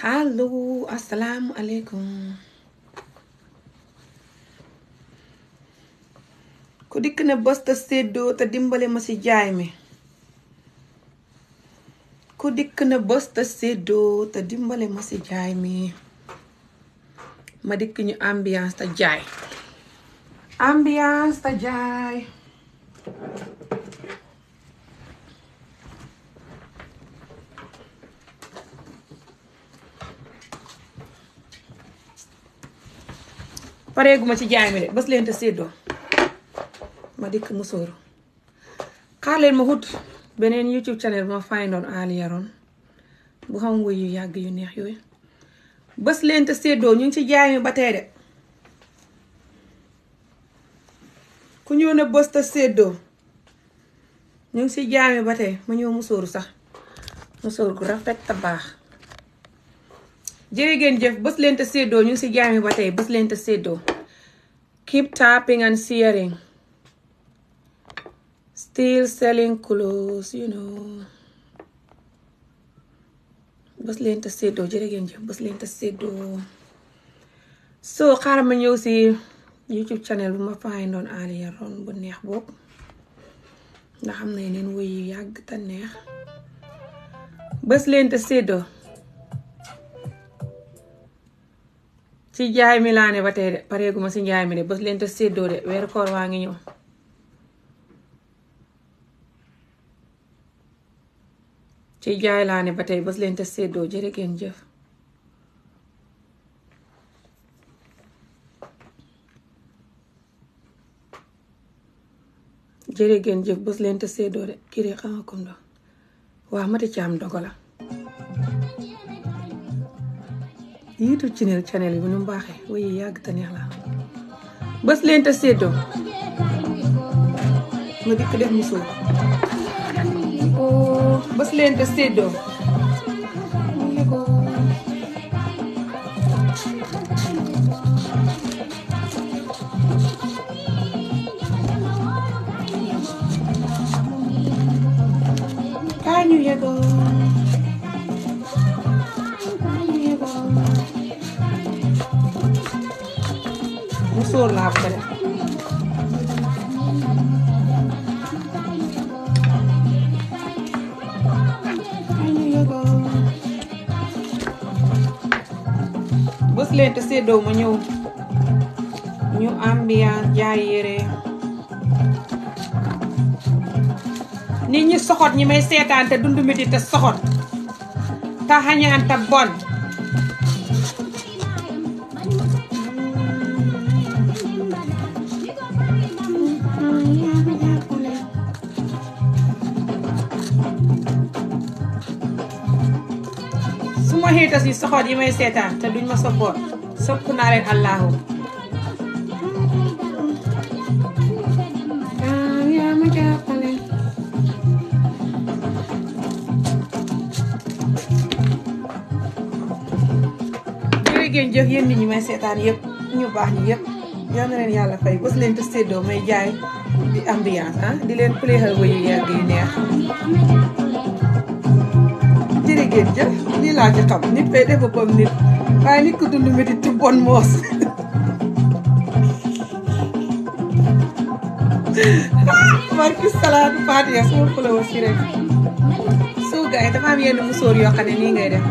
hallo asalaamu alekum ku dikk na bës te séddoo te dimbale ma ci jaay mi ku dikk na bës te séddoo te dimbale ma ci jaay mi ma dikk ñu ambiance te jaay ambiance te jaay pareeguma ci jaay mi de bas leen te séddoo ma dikk musóoru xaar leen ma xut beneen youtube channel bu ma fayndoon Aly bu xam nguy yu yàgg yu neex yooyu bés leen te séddoo ñu ngi ci jaay mi ba tey ku ñëw ne bés ñu ngi ci jaay mi ba ma ñëw musóoru sax musóor gu rafet te baax jërë ngeen jëf bës leen te séddoo ñu si jaami ba tey bës leen te séddoo keep tapping and sharing still selling clothes you know bës leen te séddoo jërë ngeen jëf bës leen te séddoo so xaaral ma ñëw si youtube channel bu ma fayndoon Alia Ron bu neex bopp nga xam ne neen woy yu yàgg te neex bës leen te séddoo si njaay mi laa ne ba tey de pareeguma si njaay mi de bés leen te séddoo de weeru waa ngi ñëw ci jaay laa ne ba tey bés leen te séddoo jërë ngeen jëf jërë jëf bés leen te séddoo de kii de xama kom do waa mati caam dogo la YouTube channel bi nu mu baaxee waaye yàgg te neex la bës leen te séddoo nga dikk def musóor oh, bës leen te séddoo sóor laa ko def bës leen te séddoo ma ñëw ñu ambiance jaay yére nit ñi soxot ñi may seetaan te dund métti te soxot te xañaan te bon soxna si soxoot yi may seetaan te duñ ma soppoot sopp naa leen allahu jërëgeen jëf yéen nit ñi may seetaan yëpp ñu baax ñi yëpp yal leen yàlla fay bës leen te séddoo may jaay di ambiance ah di leen pléxal wayu yàgg yu neex jërëgeen jëf lii laa ci xam nit fay def boppam nit waaye nit ko dund métit ci bon moos barki salaatu faatiya suma xuloo si rek soo gars yi dafa am ne nii ngay def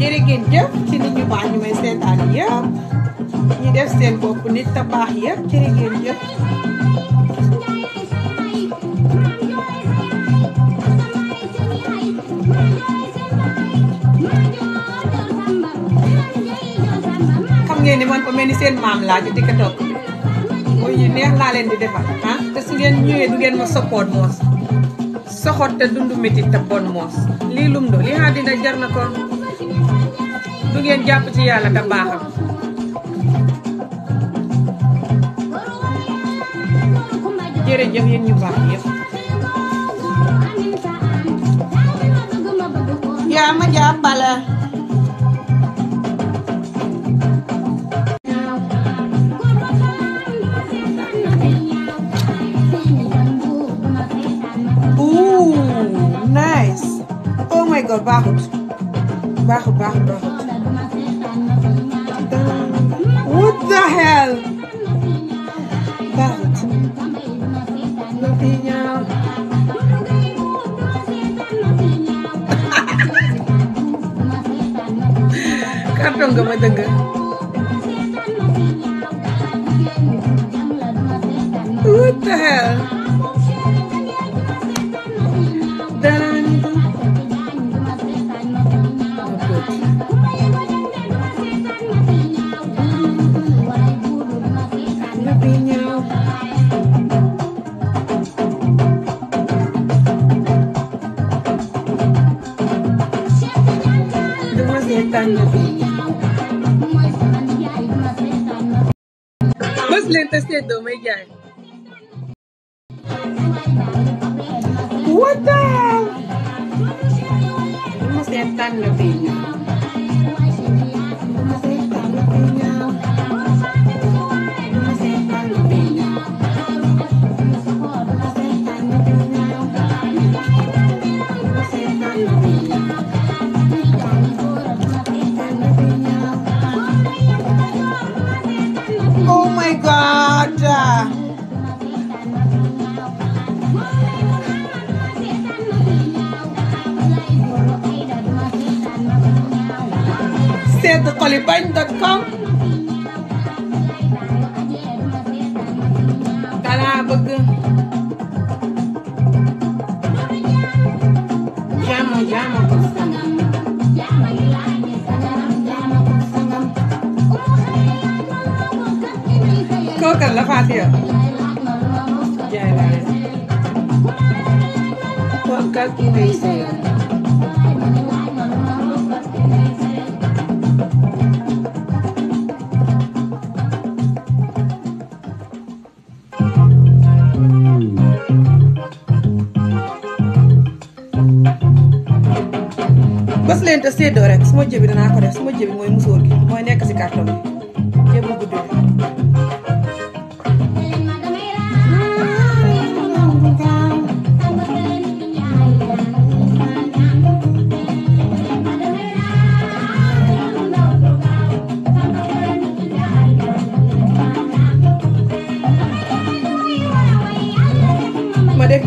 jërë ngeen jëf ci nit ñu baax ñu may seetaan yëpp ñu def seen bopp nit ta baax yëpp jërë ngeen ni man ko mel ni seen maam laa ci TikTok muy neex laa leen di defal ah. te su ngeen ñëwee du ngeen ma soppoot moos soxot te dundu métti te bon moos lii lum do li xaa dina jar na ko du ngeen jàpp ci yàlla te baaxam jërëjëf yéen ñu baax yëpp yaa ma jàppale tàngoor baaxut baaxut baaxut baaxut what the hell baaxut carton nga ma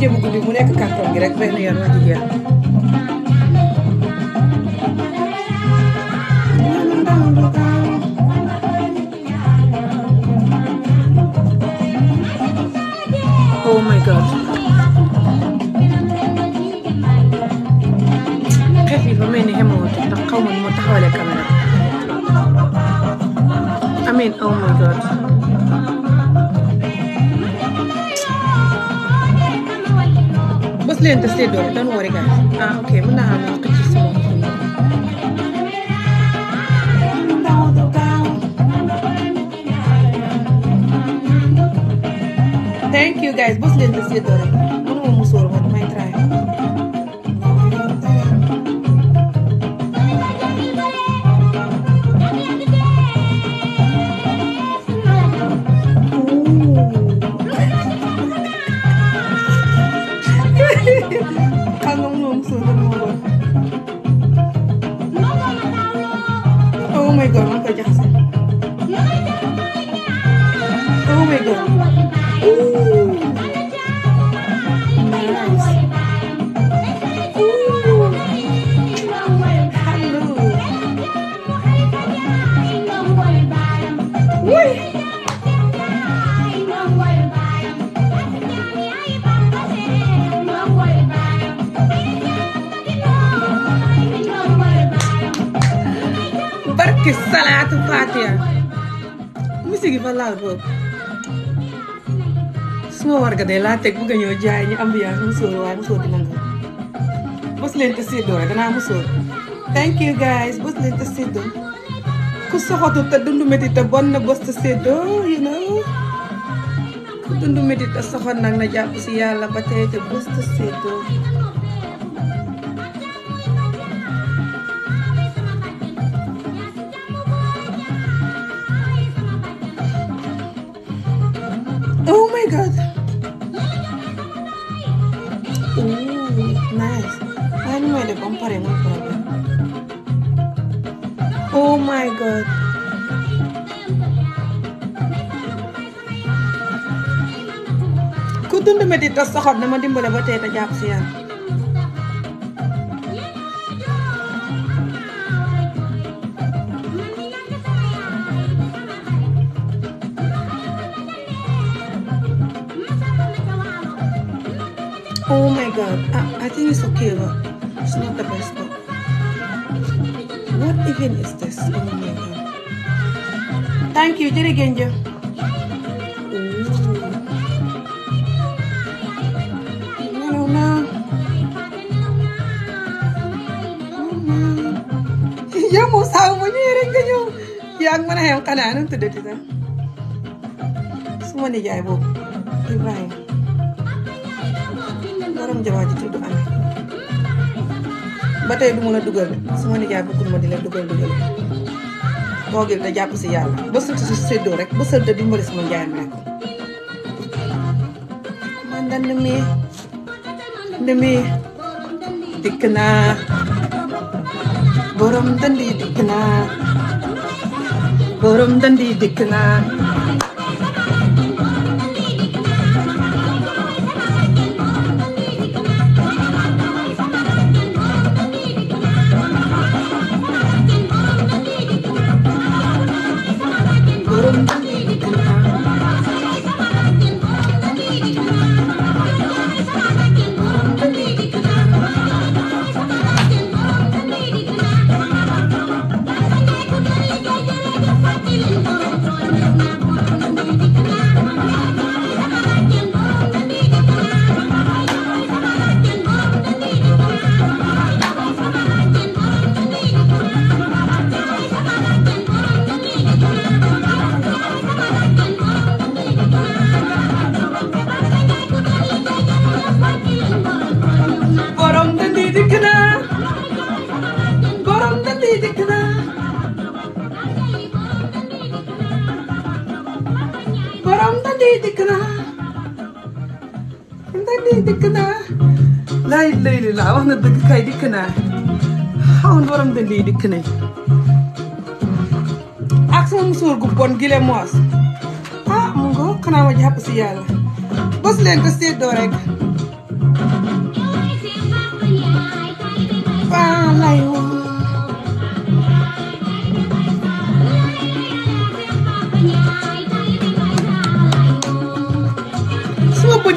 ceebu guddi mu nekk carton gi rek benn yoon waa ji jeex leen to say don't don't worry guys ah okay mën naa am xëcc si moom thank you guys bës leen to say don't ne laa teg bëgg a ñëw jaay ñu ambiance musóor waaye musóor bi nangu bës leen te séddoo danaa musóor thank you guys bës leen te séddoo ku soxotu te dundu métti te bon na bës te séddoo you know ku dundu te soxot nag na jàpp si yàlla ba tey te bës te séddoo tas sa xol dama dimbale ba tey te si yàlla. Oh my God, ah, I, think it's okay, but not even is this? Oh my God. Thank yaa ngi mën a xew xanaa nu tuddati sax suma nijaay boobu Ibrahima borom jabar ji tudd Ami ba tey du ma la dugal de suma nijaay bëggul ma di la dugal dugal toogil da jàpp si yàlla ba si séddoo rek ba sël da dimbali suma njaayam rek man da ndëmee ndëmee dikk naa borom dënd yi dikk naa borom dandi dikk na alhamdulilah wax na dëgg kay dikk naa xawoon borom dënd yi dikk nañ ak sama musóor gu bon gile moos ah mu ngo xanaa ma jàpp si yàlla bës leen ko séddoo rek bët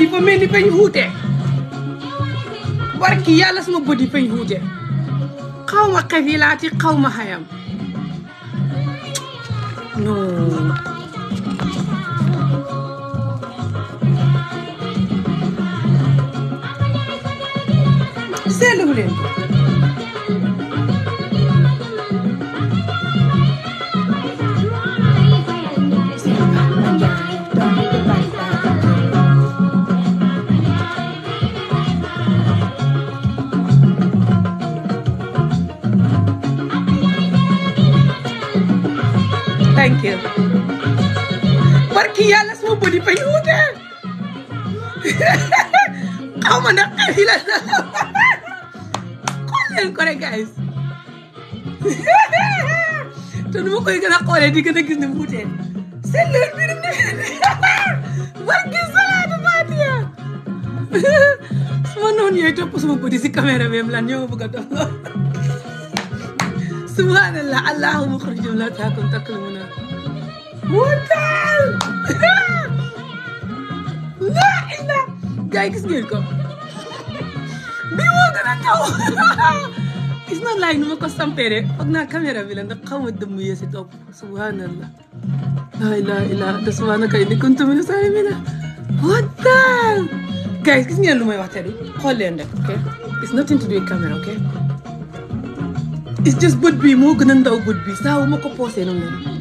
yi fa mel ni bañ wuute barki yàlla sama bët yi fay huuje xaw ma xefilaati xaw ma xayam non thank you barki yàlla sama body pain wuute xaw ma ndax xel yi la xool leen ko rek guys te nu ma koy gën a xoolee di gën a gis ne wuute seen leer bi dum ne barki salaatu faatiya suma noonu yooyu topp suma body si caméra même lan ñoo ma bëgg a topp subhanallah allahumma xarijum la taakum takkalmuna wutal laa illa gaay gis ngeen ko bi moo gën a taw gis na nu ma ko sampeere naa caméra bi la ndax xaw ma dëmm yee si topp subhanallah laa ilaa ilaa te subhanaka inni kuntu mina saalimina wutal gaay gis ngeen lu may wax tey xool leen rek it's nothing to do camera ok it's just bët bi moo gën a bi saa wu ma ko poosee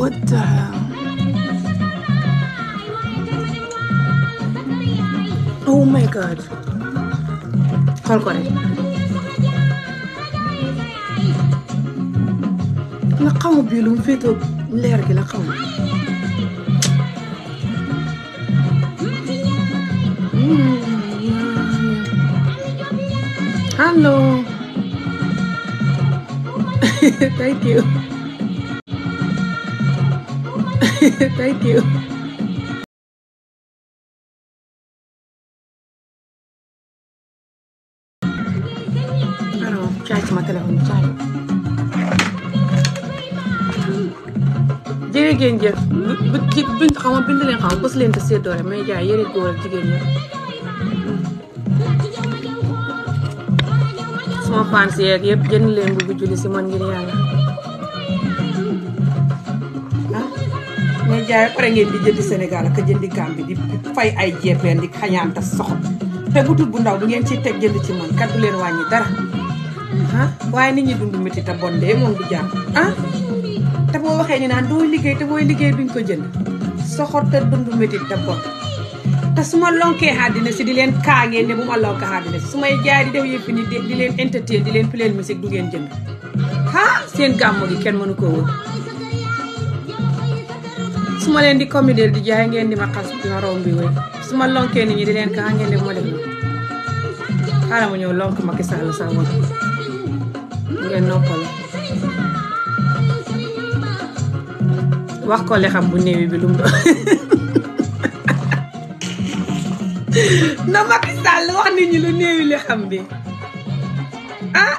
What the hell? Oh my god. xool ko rek. la xaw bii lu mu féetoo leer gi la xaw. allo. thank you. Thank you. Alors, charge ma téléphone charge. jërëjëf bu bu bu xaw ma bind leen xaw bës leen te seddoo may jaay yëre góor ak jigéen jënd leen bu julli si man ngir ngeen jaay pare ngeen di jëndi Sénégal ak jëndi Gambie di fay ay jeepeen di xañaanta soxo te butul bu ndaw bu ngeen ci teg jënd ci man kat du leen wàññi dara ah waaye nit ñi dund métti te bon dee moom du jàpp ah te boo waxee ni naan doo liggéey te booy liggéey duñ ko jënd soxor te dund métti te bon te su ma lonkee àddina si di leen kaa ngeen ne bu ma lonkee àddina si su may jaay di def yëpp ni di leen entertain di leen play musique du ngeen jënd ah seen gàmmu gi kenn mënu ko su ma leen di commuder di jaay ngeen di ma xas di ma romb bi wéy su lonkee nit ñi di leen ka ah, ngeen di ma def xaaral ma lonk Macky Sall sa wax ko li xam bi nit ñi lu néewi xam bi ah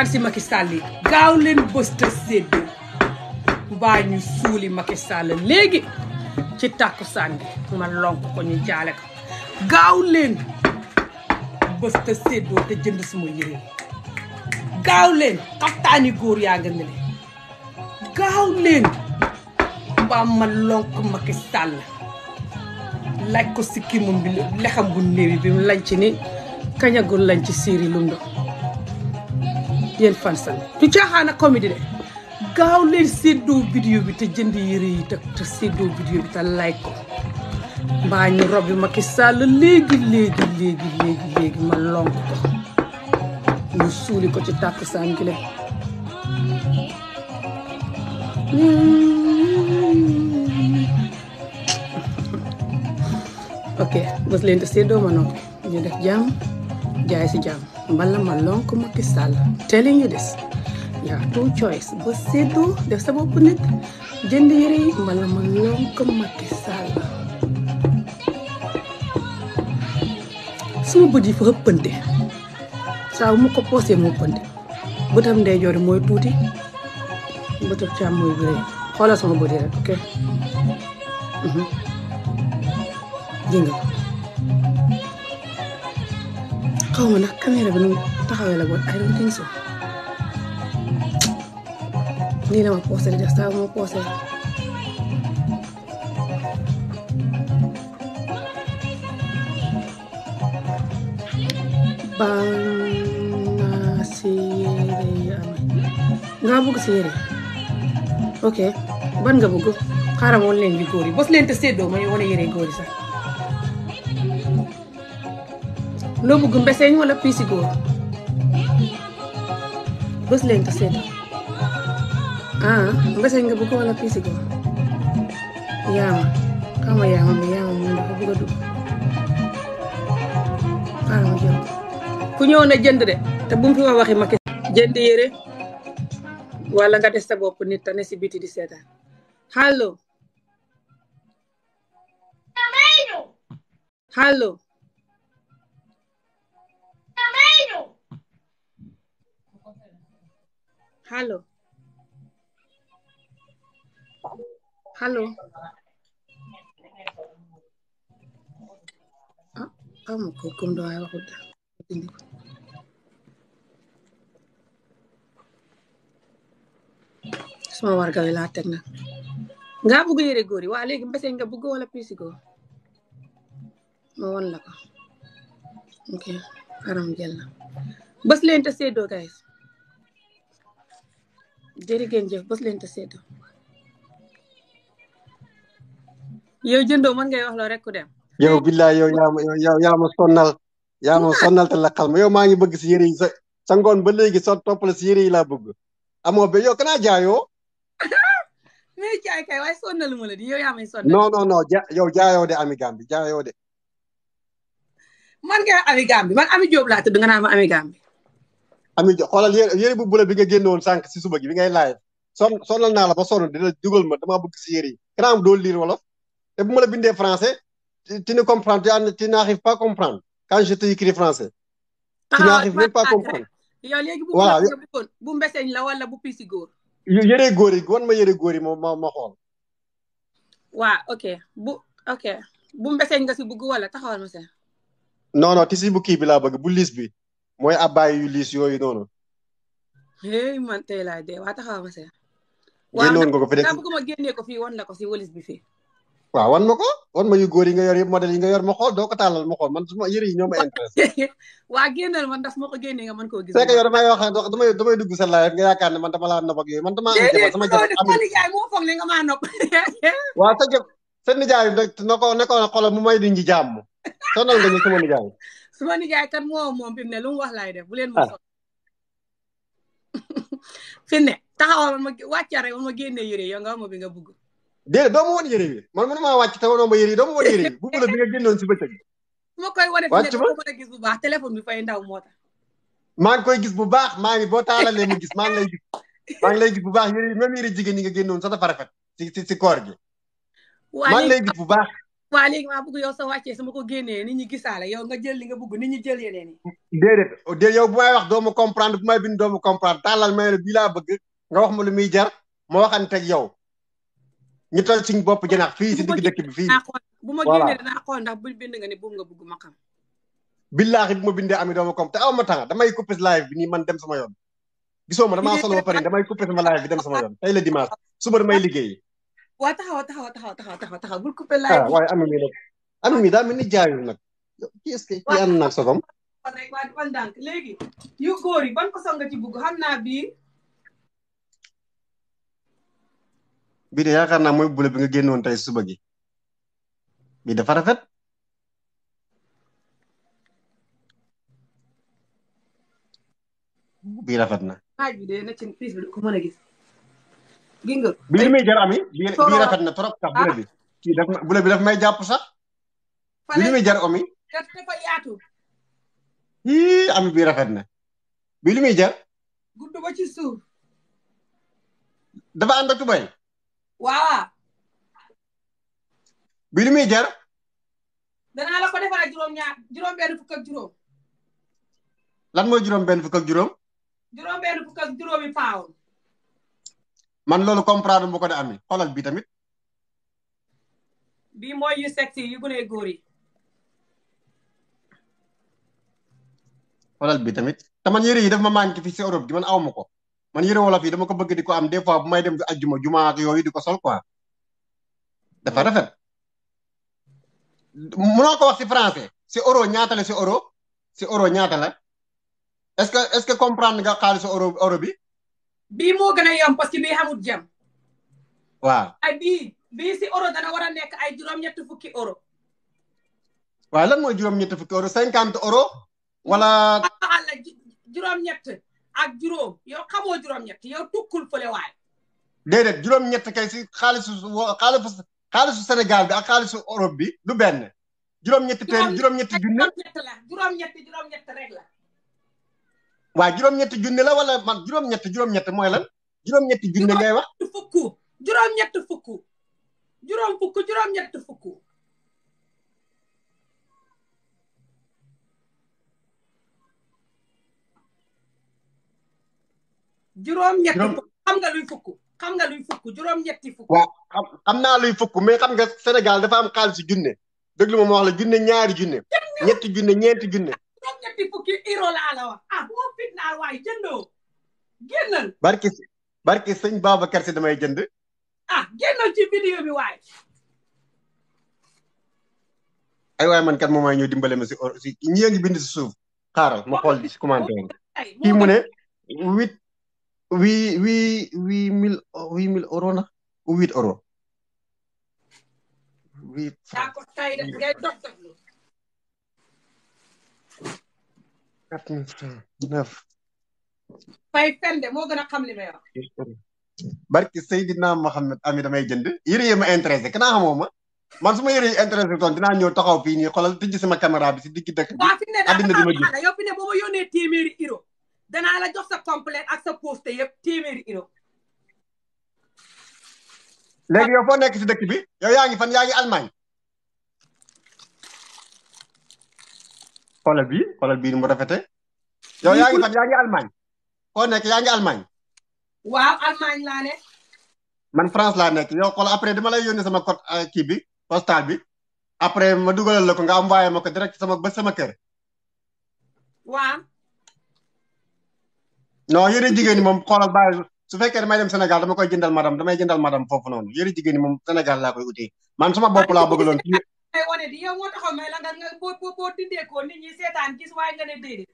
maa ngi si Macky Sall yi gaaw leen bës te ñu suuli Macky Sall léegi ci jënd suma yére gaaw leen góor yaa nga ne mbaa ma lonk Macky Sall laaj ko si kii moom bu néew bi mu lañ ci ni kañagul lañ ci séeri lu yéen fansan du caaxaan ak comédie de gaaw leen séddoo vidéo bi te jënd yére yi te te séddoo vidéo bi te like ko mbaa ñu robbi Macky Sall léegi léegi léegi léegi léegi ma lonk ko ñu suuli ko ci tàkk sangile ok bës leen te séddoo ma noonu ñu def jàmm jaay si jàmm mbala ma lonk Macky Sall telling you this yaa two choice ba séddoo def sa bopp nit jënd yére yi mbala ma lonk Macky Sall suma bët yi fa ëppante saa bu ma ko poosee mu ëppante bëtam ndeyjoor mooy tuuti bëtam càmm mooy bu rëy xoolal bët yi rek ok mhm. jëngal xaw ma ndax caméra bi nu taxawee la bon I don't think so nii la ma poose di def saa baa si yére yi amee nga bëgg si yére ok ban nga bëgg xaaral woon leen bi bos leen te séddoo ma ñu wane yére góor sax loo bëgg mbeseñ wala piisi góor bës leen ah mbeseñ nga bëgg wala piisi góor yaama xam nga yaama bi yaama moom a ku ñëw na jënd de te bu mu fi wax waxi ma jënd yére wala nga des sa bopp nit tane si biti di seetaan allo allo Halo. Halo. Ah, kamu hukum doa aku. sama warga wi laa teg nag nga bugg yére góor yi waa léegi nga bugg wala piisi góor won la ko leen te seddoo guys jërë ngeen jëf bës leen te seetoo yow jëndoo mën ngay wax loo rek ku dem. yow billaay yow yaa ma yow yaa ma sonnal ma sonnal te maa ngi bëgg si yére yi sa ngoon ba léegi soo toppale si yére yi laa bëgg amoo ba yow kanaa jaayoo. mais jaay kay waaye sonnalu ma la di yow yaa may sonnal. non jaayoo de ami jaayoo de. man nga ami man ami Diop laa tudd nga naan ma ami Amine Diop xoolal yére yére bu bula bi nga génne woon si suba bi ngay laaj son sonal naa la ba sonn dina dugal ma damaa bëgg si yére yi gannaaw am doo wolof te bu ma la bindee français ti ne comprends tu n'arrives pas comprendre quand je t'écris français tu ah, n'arrives même pas comprendre yow léegi bu voilà bu mbeseñ la wala bu pisi góor yére góor yi wan ma yére góor yi ma ma xool waa ok bu ok bu mbeseñ nga si bëgg wala ta ma se non ti si bu kii bi laa bëgg bu liis bi mooy abbaay yu liis yooyu noonu. hey man tey laa dee waa taxaw ma seex. génnoon nga ko fi de waaw bëgg ma génnee ko fii wan la ko si walis bi fii. waaw wan ma ko wan ma yu góor yi nga yor yëpp modèle yi nga yor ma xool doo ko tàllal ma xool man suma yëre yi ñoo a intéressé. waa génnal man ma ko génnee nga mën koo gis. fekk yow wax damay damay dugg sa live nga yaakaar man dama laa nopp ak yooyu man dama am jabar sama jabar amul nijaay moo foog ne nga maa nopp. waaw sa jëf sa nijaay na ko nekkoon xoolal mu may di nji jàmm sonal nga ñu sama nijaay suma nijaay kat moo moom fi ne lu mu wax laay def bu leen ma ah. sol fi mu ne taxawal ma wàcca ma génne yére yow nga wax ma bi nga bugg déedéet doo ma woon yére bi man mënu maa wàcc te woonoo ma yére yi doo ma woon yére yi bu mu bi nga génnoon si bëccëg su ma koy wane fi ne doo mën baax téléphone bi fay ndaw moo tax maa ngi koy gis bu baax maa ngi boo taalalee ma gis maa ngi lay gis bu baax yére yi même jigéen ñi nga génnoon sax dafa rafet si si si koor gi maa ngi lay gis bu baax waa léegi maa bëgg yow sa wàccee sama ko génnee nit ñi gisaale yow nga jël li nga bëgg nit ñi jël yeneen yi. déedéet oh, déedéet yow bu may wax doomu comprendre bu may bind doomu comprendre tàllal laa bëgg nga wax ma lu muy jar ma waxanteeg yow ñu toj suñu bopp jënax fii si dëkk bi fii. bu ma génnee dinaa xool ndax bu bind nga ne boobu nga bëgg ma xam. billaahi bu ma bindee ami doomu kom te aw ma tanga damay coupé live bi nii man dem sama yoon. gisoo ma damaa solo ba pare damay coupé sama live bi dem sama yoon tey la dimanche suba damay liggéey waa taxaw taxaw taxaw taxaw taxaw taxaw bul coupé laay ah, bi waaye ami mi nag ami mi daa mel ni jaayul nag kii est-ce léegi yu yi ban façon nga ci bugg xam naa bii bii de yaakaar naa mooy bule bi nga génnoon tey suba gi bii dafa rafet bii rafet na xaaj bi de na ci piis bi du ko gis gis nga bi li muy jar ami bi rafet na trop sax bule bi ah. kii bule bi daf may jàpp sax bi li muy jar ami dafa yaatu ii ami bi rafet na bi li muy jar gudd ba ci suuf dafa ànd ak tubay waaw bi li muy jar danaa la ko defara juróom ñaar juróom benn fukk ak juróom mooy juróom benn fukk ak juróom juróom benn man loolu comprendre bu ko de amee xoolal bi tamit. bii mooy yu sexy yu gune góor yi. xoolal bi tamit te man yére yi daf ma manqué fii si Europe gi man aw ma ko man yére wolof yi dama ko bëgg di am des fois bu may dem ajjuma juma ak yooyu di ko sol quoi dafa rafet. mënoo ko wax si français si euro ñaata la si euro si euro ñaata la est-ce que est-ce que comprendre nga xaalisu euro euro bi. bi moo gën a yomb parce que bii xamut jam waaw ay bii bii si euro dana war a nekk ay juróom-ñetti fukki euro waaw lan mooy juróom-ñetti fukki euro cinquante euro wala axal la ñett ak juróom yow xamoo juróom-ñett yow tukkul fële waay déedéet ñett kay si xaalisu xaalisu xaalisu Sénégal bi ak xaalisu Europe bi du benn juróom-ñetti téeméer juróom-ñetti junne juróom-ñett la juróom-ñett juróom-ñett rek la waa juróom-ñetti junne la wala man juróom-ñett juróom-ñett mooy lan juróom-ñetti junne ngay wax fukk juróom-ñett fukk juróom fukk juróom-ñett fukk juróom-ñett fukk xam nga luy fukk xam fukk juróom-ñetti fukk waaw xam naa luy fukk mais xam nga Sénégal dafa am xaalis junne déglu ma wax la junne ñaari junne ñetti junne ñeenti junne ñetti fukki euro laa la wax ah boo fitnaal waaye jëndoo génnal barki barki sëñ Babacar Si damay jënd ah génnal ci vidéo bi waaye ay waaye man kat moom mooy ñëw dimbale ma si si ñi ngi bind suuf xaaral ma xool si commentaire kii mu ne huit huit huit huit mille huit mille euros na huit euros fay fende moo gën a xam li may wax. barki Seydina Mohamed ami damay jënd yére yi ma intéressé kanaa xamoo ma man su ma yére yi intéressé toon dinaa ñëw taxaw fii nii xoolal di sama caméra bi si dikki dëkk bi. addina di ma ji waaw fi ne boo ma yónnee téeméeri euro danaa jox sa complet ak sa poste yëpp téeméeri euro. léegi yow foo nekk si dëkk bi yow yaa fan yaa ngi Allemagne. xoolal bi xoolal bii ni mu rafetee. yow yaa ngi fan yaa ngi Allemagne. foo nekk yaa Allemagne. waaw Allemagne laa ne. man France laa nekk yow xoola après dama lay yónnee sama code euh, kii bi postal bi après ma dugalal la ko nga envoyé ma ko direct sama ba sama kër. waaw. non yére jigéen ñi moom xoolal bàyyi su fekkee damay dem Sénégal dama koy jëndal madam damay jëndal madam foofu noonu yére jigéen ñi moom Sénégal laa koy uti man sama bopp laa bëggaloon may wane di yow moo taxaw may la nga nga boo boo dindee ko nit ñi seetaan gis waaye nga ne déedéet.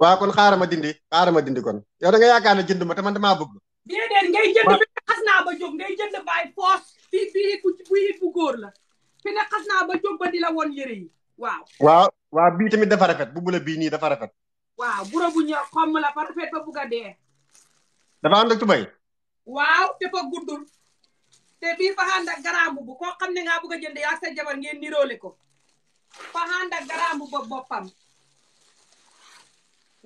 waaw kon xaaral ma dindi xaaral ma dindi kon yow da nga yaakaar na jënd ma tama man damaa bëgg. déedéet bi ne xas naa ba jóg ngay jënd baay foos bi bii bu it bu góor la fi ne xas naa ba jóg ba di la woon yëre yi waaw. waaw waaw bii tamit dafa rafet bu bula bii nii dafa rafet. waaw bu bu ñor xomm la ba rafet ba bugg a dee. dafa ànd ak tubay. waaw dafa guddul. te bii fa ànd ak garambu bu koo xam ne ngaa bëgg a jënd yaa sa jabar ngeen niroole ko fa ànd ak garambu ba boppam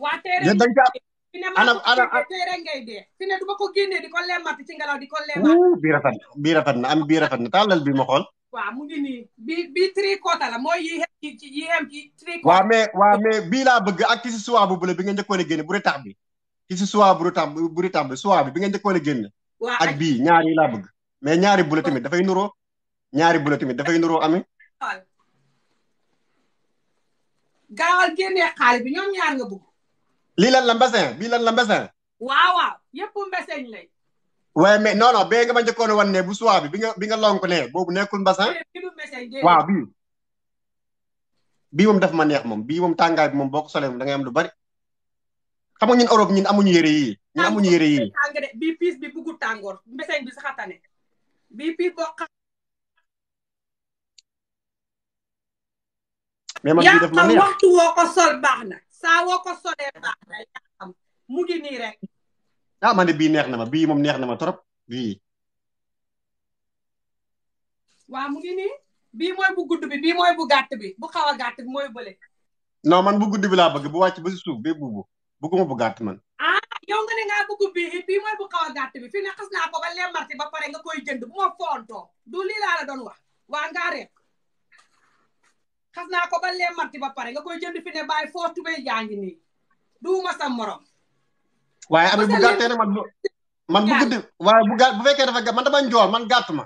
waa teere fi teere ngay dee fi ne du ma ko génnee di ko lemmat ci ngelaw di ko lemmat bii rafet na bii rafet na am bii rafet na tàllal bi ma xool waaw mu ngi nii bi bi tricot mooy yi xem ci yi xem ci laa bëgg ak ci si suwaa bu bule bi nga njëkkoon a génne bu retax bi ci si bu retax bu retax bi suwaa bi bi nga njëkkoon a génne ak bii ñaar yi laa bëgg mais ñaari bula tamit dafay nuroo ñaari bula tamit dafay nuroo ami gaawal génnee xaalis bi ñoom ñaar nga bugg lii lan la mbesin bii lan la mbesin waaw waaw yëpp mbesin lay waaye mais non non nga ma njëkkoon wan bu suwaa bi bi nga bi nga lonk ne boobu nekkul mbesin waaw bii bii moom daf ma neex moom bii moom tàngaay bi moom boo sole solee moom da ngay am lu bari xam nga ñun Europe ñun amuñu yére yii ñun amuñu yére yii bii piis bi buggu tàngoor mbesin bi sax bi bi bokk. mais man daf ma neex waxtu woo ko sol baax na saa woo ko solee baax na yaa mu di nii rek. ah man de bii neex na ma bii moom neex na ma trop bii. waa mu ngi nii bii mooy bu gudd bi bii mooy bu gàtt bi bu xaw a gàtt bi mooy bële. non man bu gudd bi laa bëgg bu wàcc ba suuf bee buubu bëgguma bu gàtt man. ah yow nga ne ngaa bëgg mooy bu xaw a gàtt bi fii ne xas naa ko ba lee marti ba pare nga koy jënd bu ma foontoo du lii laa la doon wax waa ngaa rek xas naa ko ba lee marti ba pare nga koy jënd fi ne bàyyi foo tubee jaa ngi nii duuma sa morom. waaye amit bu gàttee ne man man bu guddi waaye bu gàtt bu fekkee dafa gàtt man dama njool man gàtt ma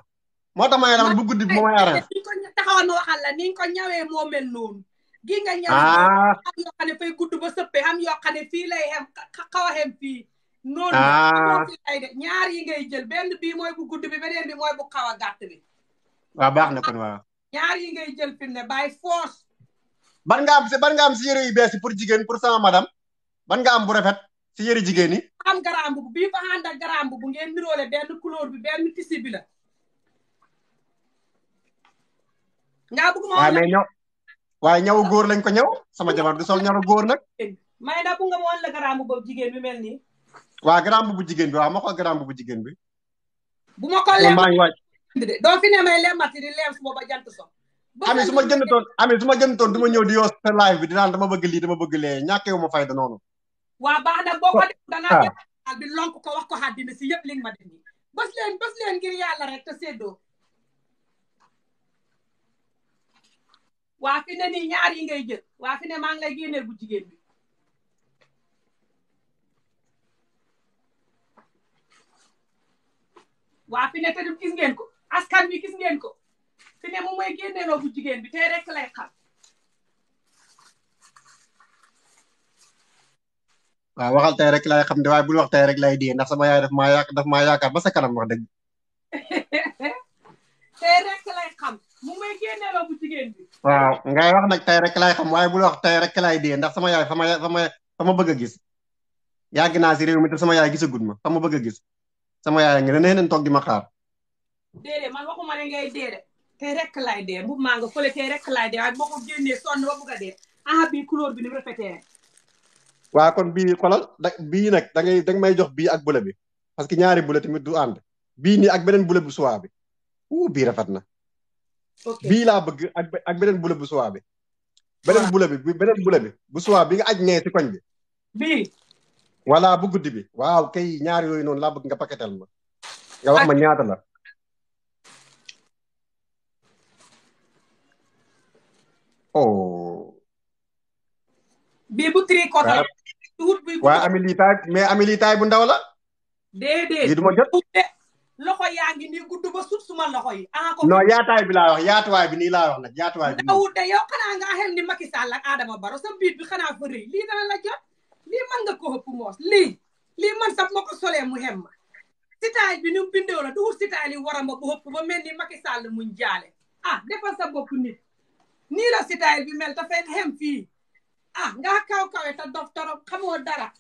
moo tax ma ne la man bu guddi bi moo may arrangé. ni ko taxawoon waxal la ni ko ñawee moo mel noonu. gi nga ñaar ah. am yoo gudd ba sëppe am yoo fii lay xem xaw a ah. yi ngay jël benn bii mooy bu gudd bi beneen bi mooy bu xaw a gàtt bi waaw baax na kon waaw ñaar yi ngay jël fi ne bàyyi force ban nga am si nga am si yëre yu bees yi pour jigéen pour sama madame ban nga am bu rafet si yëre jigéen yi am garamb bu bii fa ànd ak garamb bu ngeen niroole benn couleur bi benn tisi bi la ngaa bëgg waaye ñaw góor lañ ko ñaw sama jaman du sol ñaw góor nag. may na bu nga ma wan la garambu boobu jigéen bi mel ni waa garambu bu jigéen bi waaw ma xool garambu bu jigéen bi. bu ma ko maa ngi waaj. doo fi ne may leen mati di leen suba ba jant so. ami su ma jënd toon ami su ma jënd du ma ñëw di yoos te live bi di dama bëgg lii dama bëgg lee ñàkkee wu ma fayda noonu. waa baax na boo ko def danaa jël bi lonk ko wax ko xàddina si yëpp li ma def nii bës leen bës leen ngir yàlla rek te séddoo waa fi ne nii ñaar yi ngay jël waa fi ne maa lay génneel bu jigéen bi waa fi te du gis ngeen ko askan wi gis ngeen ko fi ne moom mooy génneeloo bu bi tey rek lay xam waaw waxal tey rek lay xam de waaye bul wax tey rek lay dee ndax sama yaay daf maa yaakaar daf maa ba sa kanam wax dëgg tey rek mu may génnee robu jigéen bi. waaw ngay wax nag tey rek laay xam waaye bul wax tey rek laay dee ndax sama yaay fa ma fa bëgg a gis yàgg naa si réew mi te sama yaay gisagut ma fa ma bëgg a gis sama yaay nga ne neen toog di ma xaar. déedéet man waxuma ne ngay dee de rek laay dee bu maa nga fële tey rek laay dee waaye boo ko génnee sonn ba bëgg dee ah bii couleur bi ni mu rafetee kon bii xoolal da da may jox bii ak bula bi parce que ñaari bula tamit du ànd bii nii ak beneen bula bu bi uu bii rafet na. bii laa bëgg ak ak beneen bula bu suwaa bi. beneen bula bi beneen bula bi bu suwaa bi nga aj nee si koñ bi. bii. voilà bu guddi bi. waaw kay ñaar yooyu noonu laa bëgg nga paquetal ma. nga wax ma ñaata la. oh. bii bu tricoté. waaw waaw amili mais amili taay bu ndaw la. déedéet lii du ma loxo yaa ngi nii gudd ba sut suma loxo yi. ah ko non yaataay bi laa wax yaatuwaay bi nii laa wax nag yaatuwaay bi. Daawud de yow xanaa nga xel ni Macky Sall ak Adama Barrow sa biit bi xanaa fa rëy lii dana la jot lii mën nga ko ëpp moos lii lii man sax ma ko solee mu xem ma sitaay bi ni mu bindoo la duhut sitaay li warama bu ëpp ba mel ni Macky Sall muñ jaale ah defal sa bopp nit nii la sitaay bi mel dafay xem fii ah nga kaw kawe te dof torop xamoo dara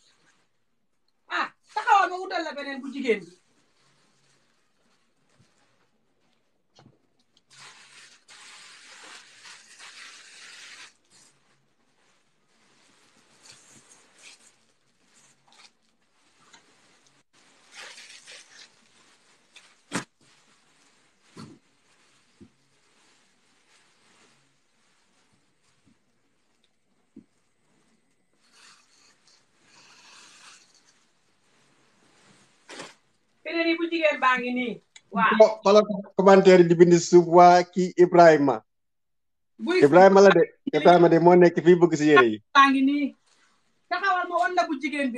ah taxawal ma wutal la beneen bu jigéen bi baa ngi nii waaw xoolal commentaire kii Ibrahima. la de ma de moo nekk fii bëgg si yére yi. baa ngi nii ma wan la bu jigéen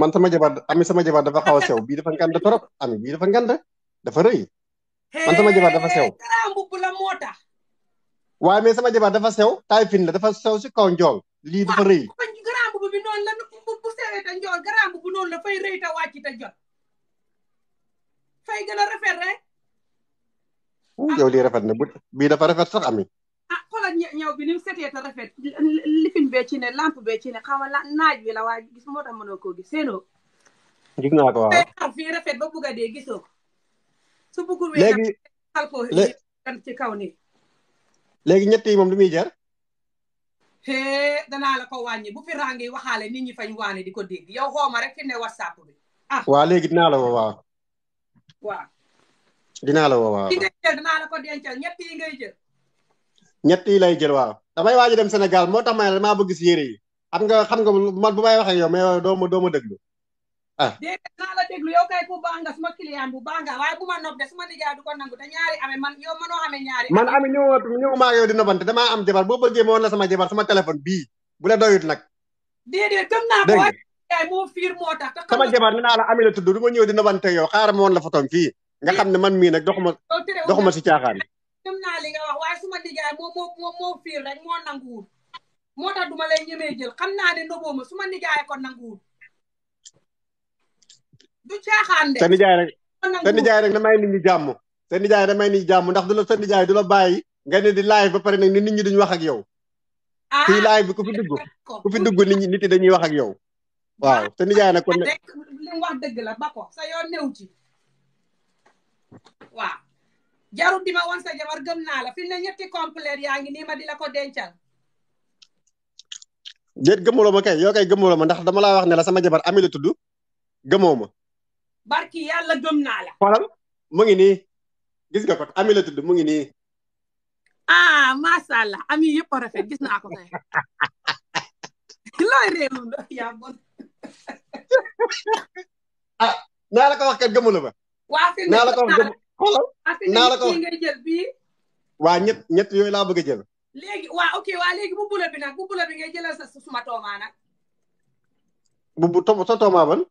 man sama jabar dafa xaw a sew bii dafa ngand trop ami bii dafa ngand dafa rëy. man sama jabar dafa sew garambu sama jabar dafa sew taay fin la dafa sew si kaw njool lii dafa rëy. bu sewee te njool garamb bu noonu la fay rëy te wàcc te jot fay gën a rafet rek yow lii rafet na bu bii dafa rafet sax ami ah xoolal ñëw bi ni mu setee rafet lifin bee ci ne lamp be ci ne xaw ma naaj bi la waa gis moo tax mënoo koo gis seenoo gis naa ko waaw xar fii rafet ba bugg a dee gisoo su buggul ko kan ci kaw nii léegi ñett moom lu muy jar hee danaa la ko wàññi bu fi rangi waxaale nit ñi fañ waane di ko dégg yow xooma rek fi ne whatsapp bi ah léegi dinaa la woo waaw waaw dinaa la woo waaw ki ngay jël dinaa la ko dencal ñett yi ngay jël ñett lay jël waaw damay waaj a dem Sénégal moo tax ma ne damaa bëgg si yére yi xam nga xam nga man bu may waxee yow mais doo ma doo ma déglu ah déedéet naa la déglu yow kay ku baax nga suma ma nopp de suma nijaay du ko nangu te ñaari ame man yow mënoo amee ñaari. man ame ñëw ñëw maa yow di nobante damaa am jabar boo bëggee ma woon la sama jabar sama téléphone bii bu la doyut naa la amee la tudd du ma ñëw di nobante yow xaaral ma woon la fotoom fii nga xam ne man mii nag doxuma si caaxaan. gëm naa li nga wax waaye suma nijaay moo moo moo fiir rek moo nanguwul moo tax duma lay ñemee jël xam naa ne ndoboo ma suma nijaay ko nanguwul du caaxaan de. sa nijaay rek sa nijaay rek damay jàmm. sa nijaay damay nit ñi jàmm ndax du la sa nijaay du la bàyyi nga ne di live ba pare nag ni nit ñi duñu wax ak yow. ah fii live bi ku fi dugg ku fi dugg nit ñi nit dañuy wax ak yow. waaw sa nijaay nag kon ne wax dëgg la ba sa yoon néew ci waaw. jarul di ma wan sa jabar gëm naa la fi mu ne ñetti complet yaa ngi nii ma di la ko dencal. déet gëmuloo kay yoo kay gëmuloo ndax dama laa wax ne la sama jabar ami la tudd gëmoo ma. barki yàlla gëm naa la. mu ngi nii gis nga ko ami la tudd mu ngi nii. ah macha ami yëpp a rafet gis naa ko kay. looy réew yaa bon. ah naa la ko wax kat gëmmu na ba. waa fi naa la ko wax la ko wax ngay jël bii. waa ñett ñett yooyu laa bëgg jël. léegi waa ok waa léegi bu bula bi nag bu bula bi ngay jëlal sa suma tooma nag. bu bu to tooma ban.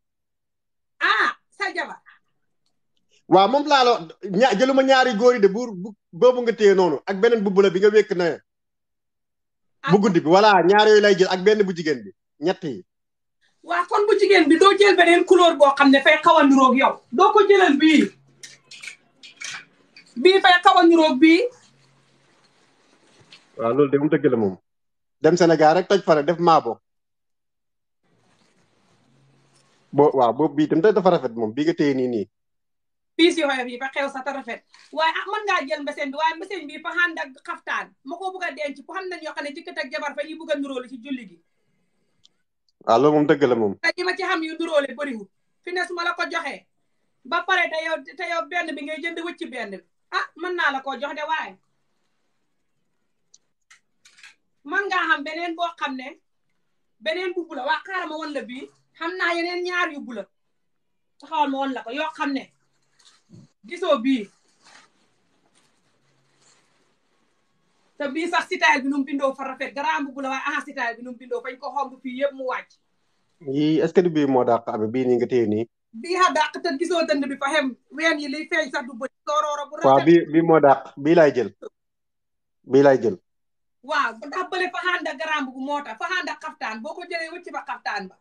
waaw moom laa la ña jëluma ñaari góor yi de bu boobu nga téye noonu ak beneen bu bula bi nga wékk na ah, bu guddi bi voilà ñaar yooyu lay ak benn bu jigéen bi ñett yi. waaw kon bu jigéen bi doo jël beneen couleur boo xam ne fay xaw a niroog yow. doo ko jëlal bii bii fay xaw a niroog bii. waaw loolu de mu dëgg la moom. dem Sénégal rek toj fare def maabo. bo waaw boobu bii tam dafa rafet moom bii nga téye nii nii. piis yu xoyof yi fa xew sa ta rafet waaye ah mën ngaa jël mbesen bi waaye mbesen bi fa ànd ak xaftaan ma koo bëgg a denc ku xam nañ yoo xam ne jëkkër ak jabar fa ñuy bëgg a nuróole ci julli gi waaw ah, moom dëgg la moom ñi ma ci xam yu nuróole bëriwul fi ne su ma la ko joxee ba pare te yow te benn bi ngay jënd wëcc benn bi a ah, mën naa la koo jox de waaye man ngaa xam beneen boo xam ne beneen bu bula waa xaaral woon la bii xam naa yeneen ñaar yu bula taxawal ma woon la ko yoo xam ne gisoo bii te bii sax sitaayal bi nu mu bindoo fa rafet garaam bu la waaye aha sitaayal bi nu mu bindoo fañ ko xomb fii yëpp mu wàcc. yii est-ce que bii moo dàq abi bii nii nga téye nii. xa dàq te gisoo dënd bi fa xem ween yi liy feeñ sax du bëri. soorooro bu moo dàq bii laay jël bii laay jël. waaw ndax bële fa xaanda garaam bu moo tax fa xaanda xaftaan boo ko jëlee wëcc ba xaftaan ba.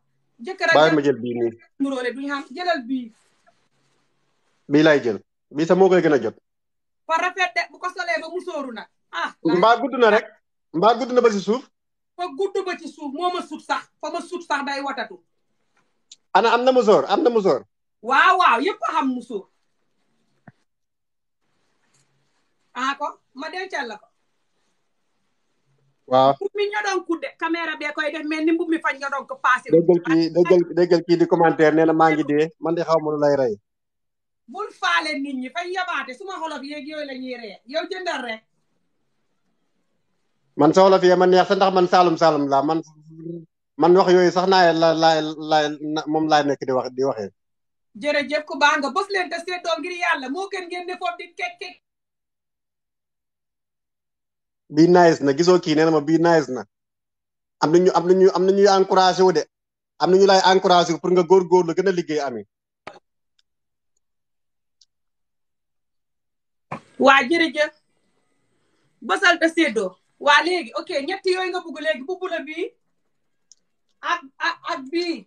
jëkkër ak bàyyi jël bii nii. nuróole duñu laay jël. bii sax moo koy gën a jot. fa rafet de bu ko solee ba mu sóoru nag. ah mbaa gudd na rek. mbaa gudd na ba ci suuf. fa gudd ba ci suuf moo ma sut sax fa ma sut sax day watatu. ana am na musóor am na musóor. waaw waaw yëpp a xam musóor. ah ko ma dencal la ko. waaw mbub mi ñoo doon kudde caméra bee koy def mais ni mbub mi fañ ñoo doon ko passé. déggal kii déggal déggal kii di commentaire nee na maa ngi dee man de xaw ma lu lay rey. bul faale nit ñi fay yabaate suma xolof yeeg yooyu la ñuy ree yow jëndal rek. man sa xolof ma neex sa ndax man saalum saalum laa man man wax yooyu sax naa la laay laay moom laay nekk di wax di waxee. jërëjëf ku baax nga bës leen te seetoo ngir yàlla moo gën ngeen ne foofu di kek kek. bii nice na gisoo kii nee na ma bii nice na am na ñu am na ñu am na ñuy encouragé wu de am na ñu lay encouragé pour nga góorgóorlu gën a liggéey ami waa jërëjëf bësal te séddoo waa léegi ok ñetti yooyu nga bugg léegi bu bula bii ak ak ak bii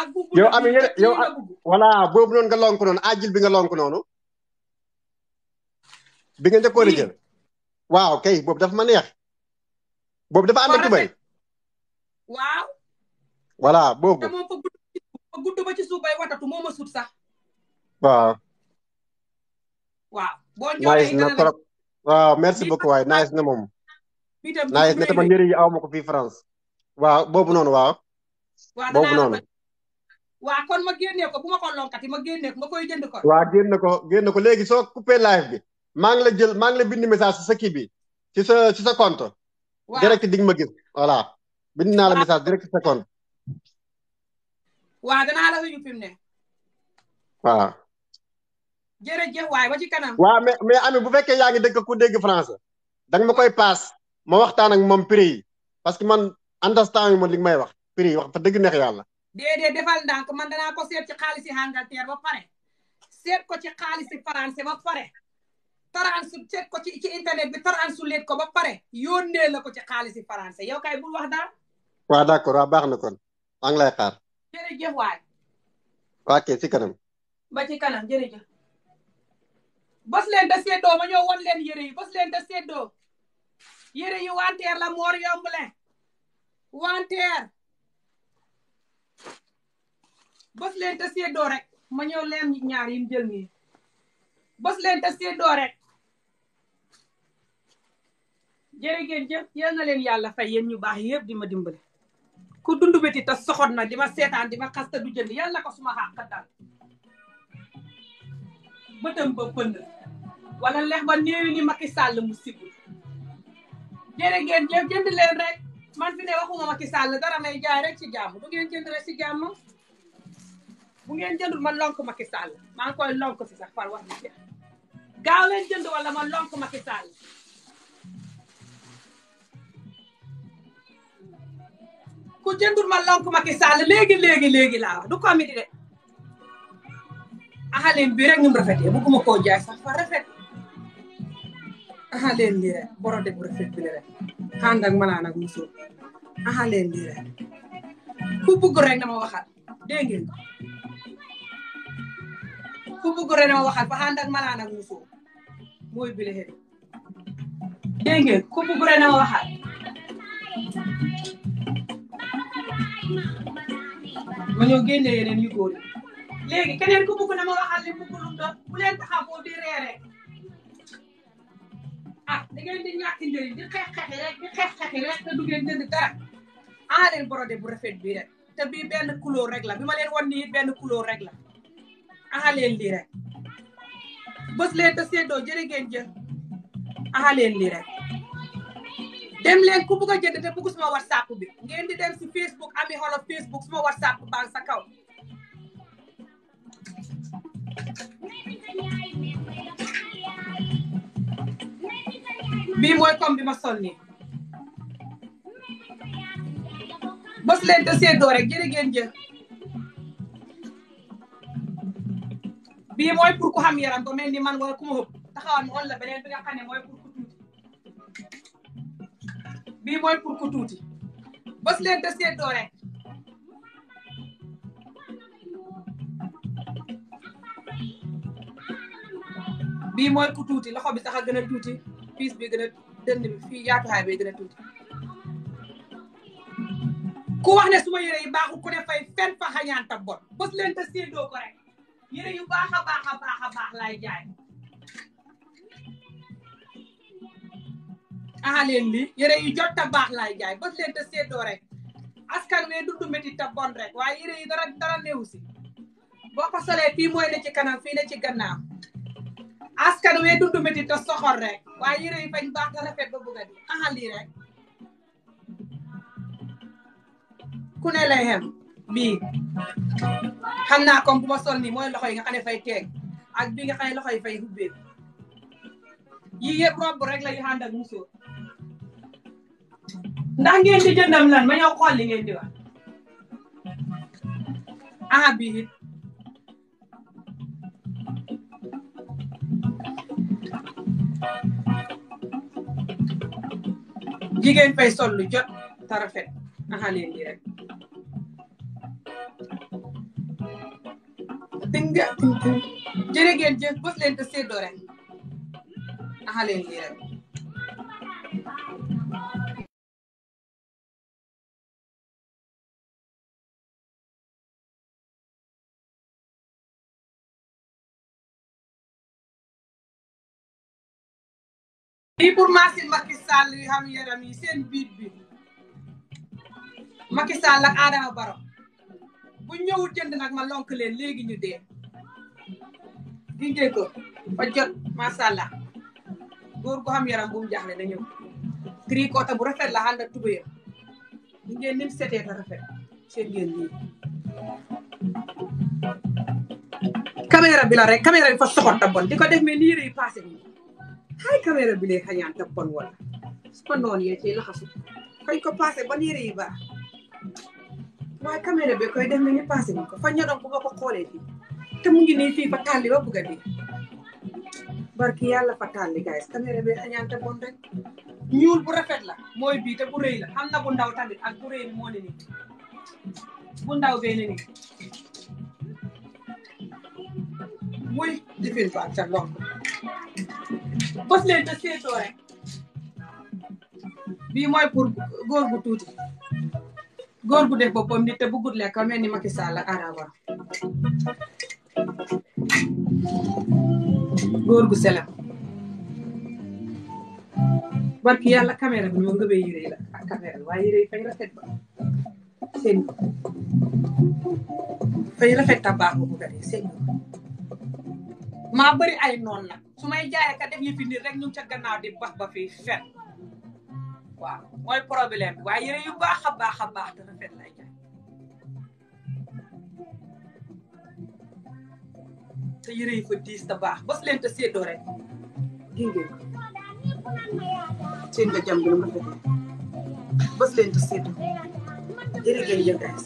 ak bu bula yow ami ah, nga lonk noonu ajil bi nga lonk noonu bi nga njëkkoon a jël waaw kay boobu dafa ma neex boobu dafa ànd ak tubay waaw voilà boobu fa gudd ba ci suuf bay watatu moo sax waaw waaw boo ñëwee na trop waaw merci beaucoup waay nice na moom. nice na tamit njëriñ yi aw ma ko France. waaw boobu noonu waaw. boobu noonu. waaw kon ma génnee ko bu ma ko lonkati ma génnee ko ma koy jënd ko. waaw génne ko ko léegi soo coupé live bi maa ngi la jël maa ngi la bindi message si sa kii bi ci sa di nga ma bind naa la message direct si sa compte. waaw. jërëjëf waay ba ci kanam. waaw mais mais Ami bu fekkee yaa ngi ko ku dégg français da ma koy paas ma waxtaan ak moom prix yi parce que man understand yu ma li may wax prix yi wax fa dëgg neex yàlla. déedéet defal ndànk man danaa ko seet ci xaalisi Angleterre ba pare seet ko ci xaalisi français ba pare taransu seet ko ci ci internet bi taransu leet ko ba pare yónnee la ko ci xaalisi français yow kay bul wax daal. waaw d'accord waaw baax na kon maa ngi lay xaar. jërëjëf waay. ok kanam. ba ci kanam jërëjëf. bës leen te séddoo ma ñëw won leen yére yi bës leen te séddoo yére yi wanteer la moor yombule wanteer bës leen te rek ma ñëw leen ñaar yim jël nii bës leen te séddoo rek jërëgéen jëf yal na leen yàlla fay yéen ñu baax yëpp di ma dimbale ku dund beti te soxot na di ma seetaan di ma xas te du jënd yal ko suma xàq dal bëtam ba pënd wala lex ba néewi ni Macky Sall mu sibul jërë ngeen jëf rek man fi ne waxuma Macky Sall dara may jaay rek ci jàmm bu ngeen jënd rek ci jàmm ngeen jëndul ma lonk Macky Sall maa ngi koy lonk si sa par wax ni jeex gaaw leen jënd ma lonk Macky Sall ku jëndul ma lonk Macky Sall léegi léegi léegi laa wax du comédie de axaleen bii rek ñu mu rafetee bëgguma koo jaay sax fa rafet aha leen lii rek borode bu rafet bi rek ànd ak malaan ak muso aha leen lii rek ku bugg rek dama waxal dégg ngeen ko ku bugg rek dama waxal ba ànd ak malaan ak muso mooy bile xel dégg ngeen ku bugg rek dama waxal ma ñëw génne yeneen yu góor yi léegi keneen ku bugg dama waxal li mu bugg lu mu doon bu leen taxaw boo di reeree ah da ngeen di ñàkk njëriñ di xeex xeexi rek di xeex xeexi rek te du ngeen jënd dara ana leen bu rafet bii te bii benn couleur rek la bi ma leen wan nii benn couleur rek la aha leen lii rek bës leen te seddoo jërë ngeen jëf aha leen lii rek dem ku bugg a te bugg suma whatsapp bi ngeen di dem si facebook ami xolof facebook suma whatsapp baan sa kaw bii mooy comme bi ma sol nii bës pour ku xam yaram ko mel ni man wala ku ma xëpp taxawal mu on la beneen bi mooy pour ku tuuti bii mooy pour ku tuuti bës leen te seddoo rek bii mooy ku tuuti loxo bi sax a gën a tuuti piis bi gën a dënd bi fii yaatuwaay bi ku wax ne suma yére yi baaxul ku ne fay fen fa xañaanta bon bës leen te séedoo ko rek yére yu baax a baax baax a jaay aha leen lii yére jot ta baax laay jaay bës leen te séedoo rek askan wee dundu métti ta bon rek waaye yére yi dara dara néew boo ko solee fii mooy ne ci kanam fii ne ci gannaaw askan wee dund métti te soxor rek waaye yére yi fañ baax te rafet ba bëgg a di rek ku ne lay xem bii naa comme bu ma sol nii mooy loxo yi nga xam fay teeg ak bi nga xam ne loxo yi fay hubbee yii yëpp rek la yu ànd ak musóor ndax ngeen di jëndam lan ma ñëw li ngeen di wax aha bii it jigéen fay sol lu jot te rafet aha leen di rek dinga jërë ngeen jëf bës leen te séddoo rek lii pour Massin Macky Sall yu xam yaram yi seen biir bi Macky Sall ak Adama Barrow bu ñëwul jënd nag ma lonk leen léegi ñu dee gi ngeen ko ba jot macha allah góor gu xam yaram bu mu na ñëw tricot bu rafet la ànd ak tubéyam gi nim setee ta rafet seen ngeen lii caméra bi la rek caméra bi fa soxor bon di ko def mais nii rëy passé ñu hay caméra bi lay xañaan te bon wala su ko noonu yee ci laxasu kañ ko passé ba niire yi baax waaye caméra bi koy def ni passé bi ko fa ñoroon bu ko xoolee fi te mu ngi nii fii fa tàlli ba bugga dee barki yàlla fa tàlli guys caméra bi xañaan bon rek ñuul bu rafet la mooy bii te bu rëy la xam na bu ndaw tamit ak bu rëy moo ne nii bu ndaw bee ne nii muy jëfin ba ak ca loxo bës leen te seetoo mooy pour góor gu tuuti góor gu def boppam nit te bëggut lekk mel ni Macky Sall ak Adama góor gu selam barki yàlla caméra bi ñoo ngëbee yére yi la ak ah, caméra waaye yére yi fay ba seen fay rafet ta buga dee seen maa bëri ay noon nag su may jaayee ka def yëfi nit rek ñu ca gannaaw di bax ba fii fet waaw mooy problème waaye yére yu baax a baax a baax dana fet lay jaay te yére yu fa diis te baax bas leen te seddoo rek gis ngeen ko seen nga jàmm dina ko fekk bas leen te seddoo jërë ngeen jëf guys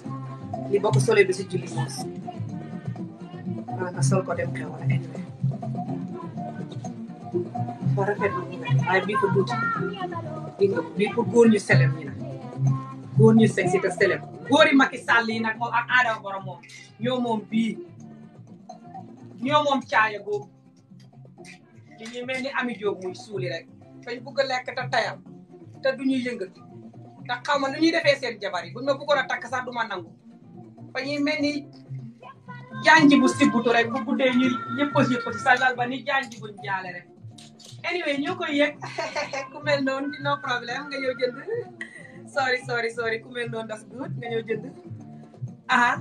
li bokk solee bi si julli moos maanaam sol ko dem xew wala boo rafetlu ñu nag waaye bii ko tuuti dégg ko góor ñu selem ñi nag góor ñu sexy te selem góor yi Macky Sall nag moom ak Adama Barrow moom ñoo moom bii ñoo moom caaya boobu li ñuy mel ni Ami Diop muy suuli rek dañ bugg a lekk te tayal te du ñuy yëngati te xaw na lu defee seen jabar yi buñ ma a takk sax du ma nangu fa ñuy mel ni janji bu sibbutu rek bu guddee ñuy yëppas yëppasi sa lal ba ni janji buñ jaale rek anyway ñoo koy yëg ku mel noonu di no problème nga ñëw jënd sorry sorry sorry ku mel noonu daf duut nga ñëw jënd aha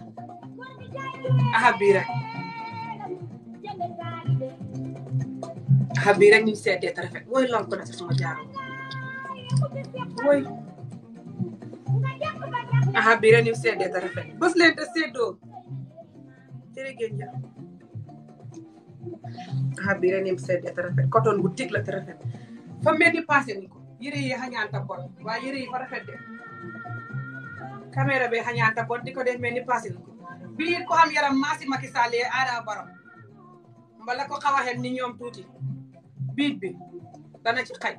aha bii aha bii rek ñu seetee te rafet wooy lonk na si sama jaaro wooy aha bii rek ñu seetee te rafet bës leen te seddoo jërëgéen ah bii ren yem sedd te rafet coton la te rafet fa ni passé ni ko yëre yi xañaanta bon waaye yëre yi fa rafet de caméra bi xañaanta bon di ko def mel ni passé ni ko bii ko am yaram maasi Macky Sall yee baram mbala ko xaw a xel ni ñoom tuuti biit bi dana ci xaj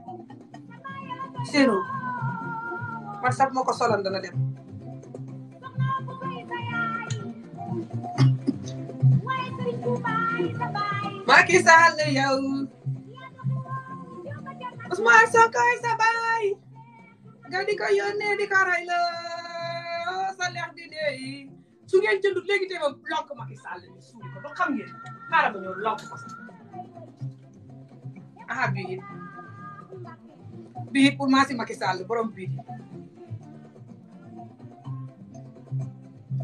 Macky Sall yow Ousmane Sonko sa baay nga di di ko rey di dee su ngeen jëndut léegi tey moom lonk Macky Sall ni ba xam ngeen xaaral ba ñëw lonk ko sax aha bii bii pour maa si Macky Sall borom bii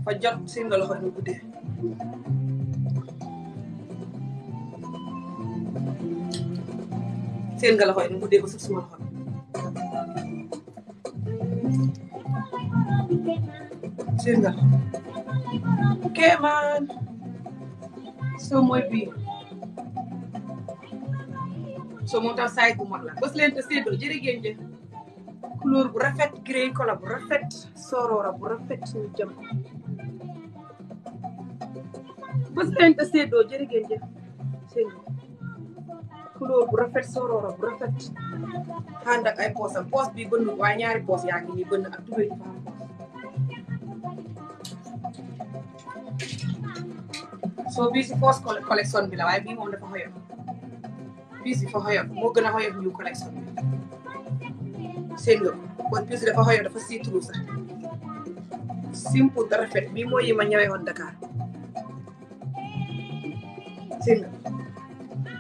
fa jot si nga loxo ñu seen nga loxo yi nu guddee ba suuf suma loxo seen nga loxo soo mooy bii soo moom tam saay bu mag la bës leen te seedoo jërë ngeen jëf couleur bu rafet grey kola bu rafet sorora bu rafet suñu jëm bës leen te seedoo jërë ngeen jëf seen nga couleur bu rafet sororo bu rafet ànd ak poos bii bënn waaye ñaari poos yaa ngi nii bënn ak tubéy bi faam soo bii si poos collection bi la waaye bii moom dafa xoyof piis bi fa xoyof moo gën a xoyof ñu collection bi seen piis bi dafa xoyof dafa siitulu sax simple te rafet bii mooy yi ma ñëwee woon Dakar seen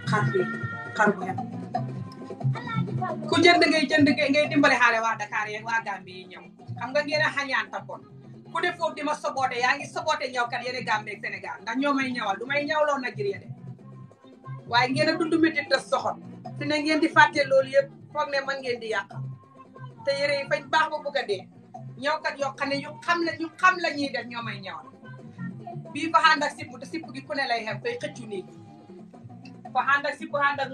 nga fii xaru ren ku jënd ngay jënd ngay dimbale xaale waa Dakar yeeg waa Gambie yi ñëw xam nga ngeen a xañaanta kon ku def foofu di ma soboote yaa ngi soboote ñëwkat yene Gambie ak Sénégal ndax ñoo may ñëwal du a ñëwloo de waaye ngeen a dund métit te soxot fi ne ngeen di fàtte loolu yëpp foog ne man ngeen di yàq te yére yi fañ baax ba bëgg a dee yoo xam ne ñu xam la ñu xam la ñuy def ñoo may ñëwal bii baxaan ak sipp te ku ne lay xem koy xëccu nii ko ànd ak sipp ànd ak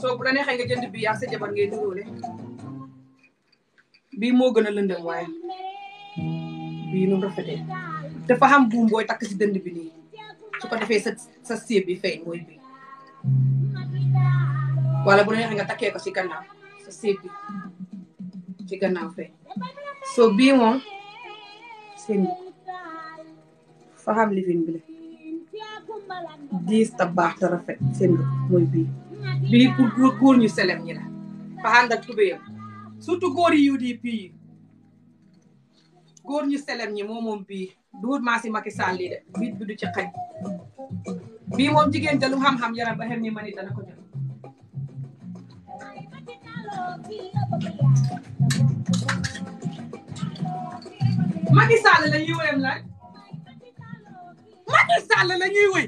soo bu la nga jënd bi yaa sa jabar ngay nuróole moo gën a lëndëm waaye bii nu rafetee dafa am buum booy takk si dënd bi nii su ko defee sa sa bi feeñ mooy wala bu la neexee nga takkee ko si gannaaw sa séeb bi ci gannaaw feeñ soo bii moom seen faham living bi diis te baax te rafet seen mooy bii bii pour góor ñu selem ñi la faham ak tubéyam surtout góor yi UDP yi góor ñu selem ñi moom moom bii duur maa si Macky Sall lii de biit bi du ci xaj bii moom jigéen te lu xam-xam yaram ba xem ni manit dana ko jël Macky Sall la ñuy wéyam laaj Macky Sall la ñuy wéy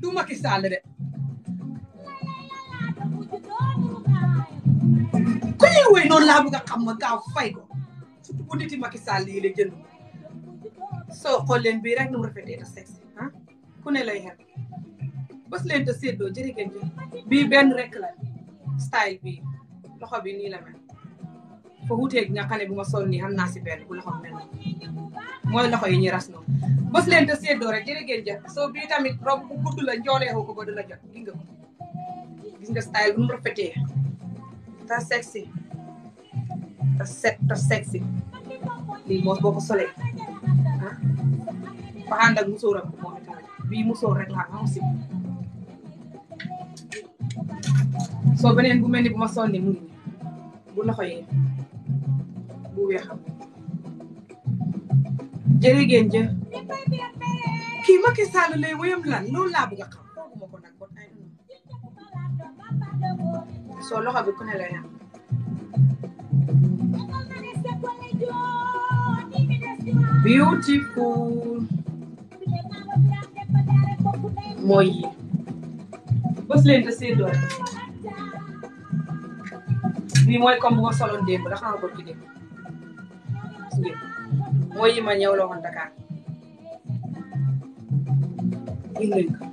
du Macky Sall de ku ñuy wéy noonu laa bëgg a xam ma gaaw fay ko surtout bu niti Macky Sall yi la jënd soo xool leen bii rek nu mu rafetee ta sexy ah ku ne lay xel bës leen te séddoo jërëjëf bii benn rek la style bii loxo bi nii la mel. fa wuuteeg ñaqale bu ma sol nii xam naa si benn bu loxo mel mooy loxo yi ñuy ras noonu leen te séddoo rek jërë ngeen jëf soo bii tamit rob bu gudd la njooleexoo ko ba du la jot gis nga gis nga style bu mu rafetee ta sexy ta sexy boo ko solee ah ba ànd ak musóoram ko moom bii musóor rek laa am si soo beneen bu mel ni bu ma sol ni mu bu loxo yi bu weexam jërë ngeen jëf kii Macky laa bëgg a xam fooguma soo loxo bi ku ne lay am beautiful mooy yi bës leen te séddoo bi mooy comme bu ma soloon démb ndax xam ko ci démb mooy yi ma ñëwloo woon Dakar gis ngeen ko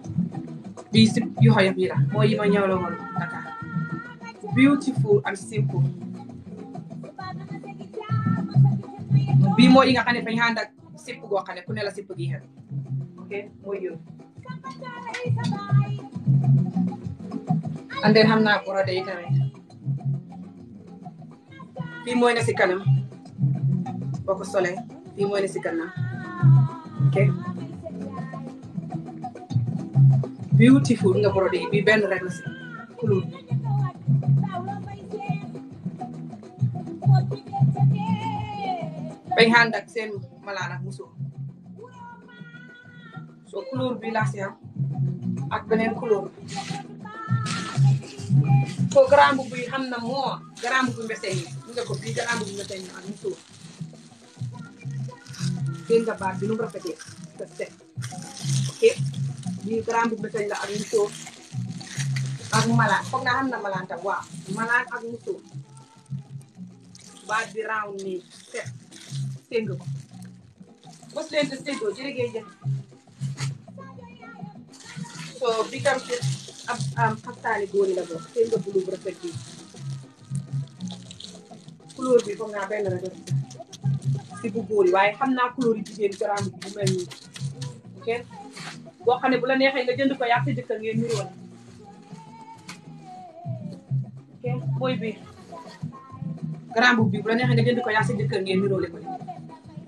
bii si yu xoyof yi la mooy yi ma ñëwloo woon Dakar beautiful and simple bii mooy yi nga xam ne fañ ànd sipp goo xam ku ne sipp gi xel mooy yooyu and xam naa borode yi tamit bii mooy na si boo ko solee lii mooy ne si gannaaw ok beautiful nga brodé bi benn rek la si couleur bi bay seen malaan ak musóor soo couleur bi laa si am ak beneen couleur ko grand bu buy xam na moo grand bu mbese yi nga ko bii grand bu mbese yi ak musóor dégg nga baat bi nu mu rafetee te set ok lii grand boubou la ak musóor ak malaan foog naa xam na malaan ak musóor baat bi round nii set séng ko bës leen te séngoo jërëgee jëf so bi tam ci ab am xaftaani góor la bokk sénga bulu bu bi couleur bi foog naa benn la si bu waaye xam naa couleur yi jigéen garaam bi bu mel nii boo xam ne bu la neexee nga jënd ko yàq sa jëkkër ngeen nuroo ok booy bi garaam bi bu neexee nga jënd ko yàq sa jëkkër ngeen nuroole ko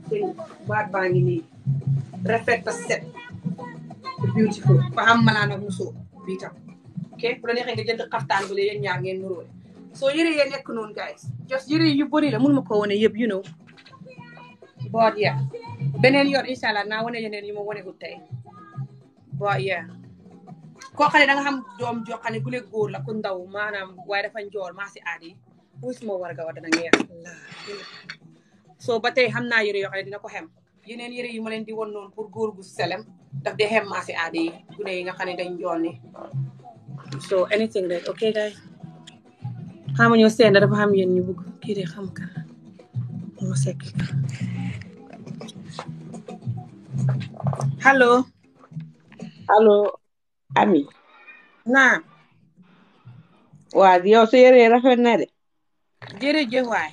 sëñ baat baa ngi nii rafet ba set beautiful ba am malaan ak musoo bii tam ok la neexee nga jënd xaftaan bu la yéen ñaar soo yëree yee nekk noonu guys jos yëree yu bëri la mun ma ko wane yëpp you but yeah beneen yoon incha allah naa wane yeneen yu ma wane ut tey but yeah koo xam ne xam doom joo xam ne gule góor la ku ndaw maanaam waaye dafa njool maa si aadi muy wa dana soo ba tey xam naa yëre yoo xam ne dina ko xem yeneen yëre yu ma leen di won noonu pour góor gu selem daf dee xem maa si yi gune yi nga xam ne dañ njool so anything rek ok guys xama ñoo seen dafa xam yéen ñu bugg kii de xam kan moo sekk Hello. Hello. Ami. naam. waaw yow sa yére rafet na de. jërëjëf waay.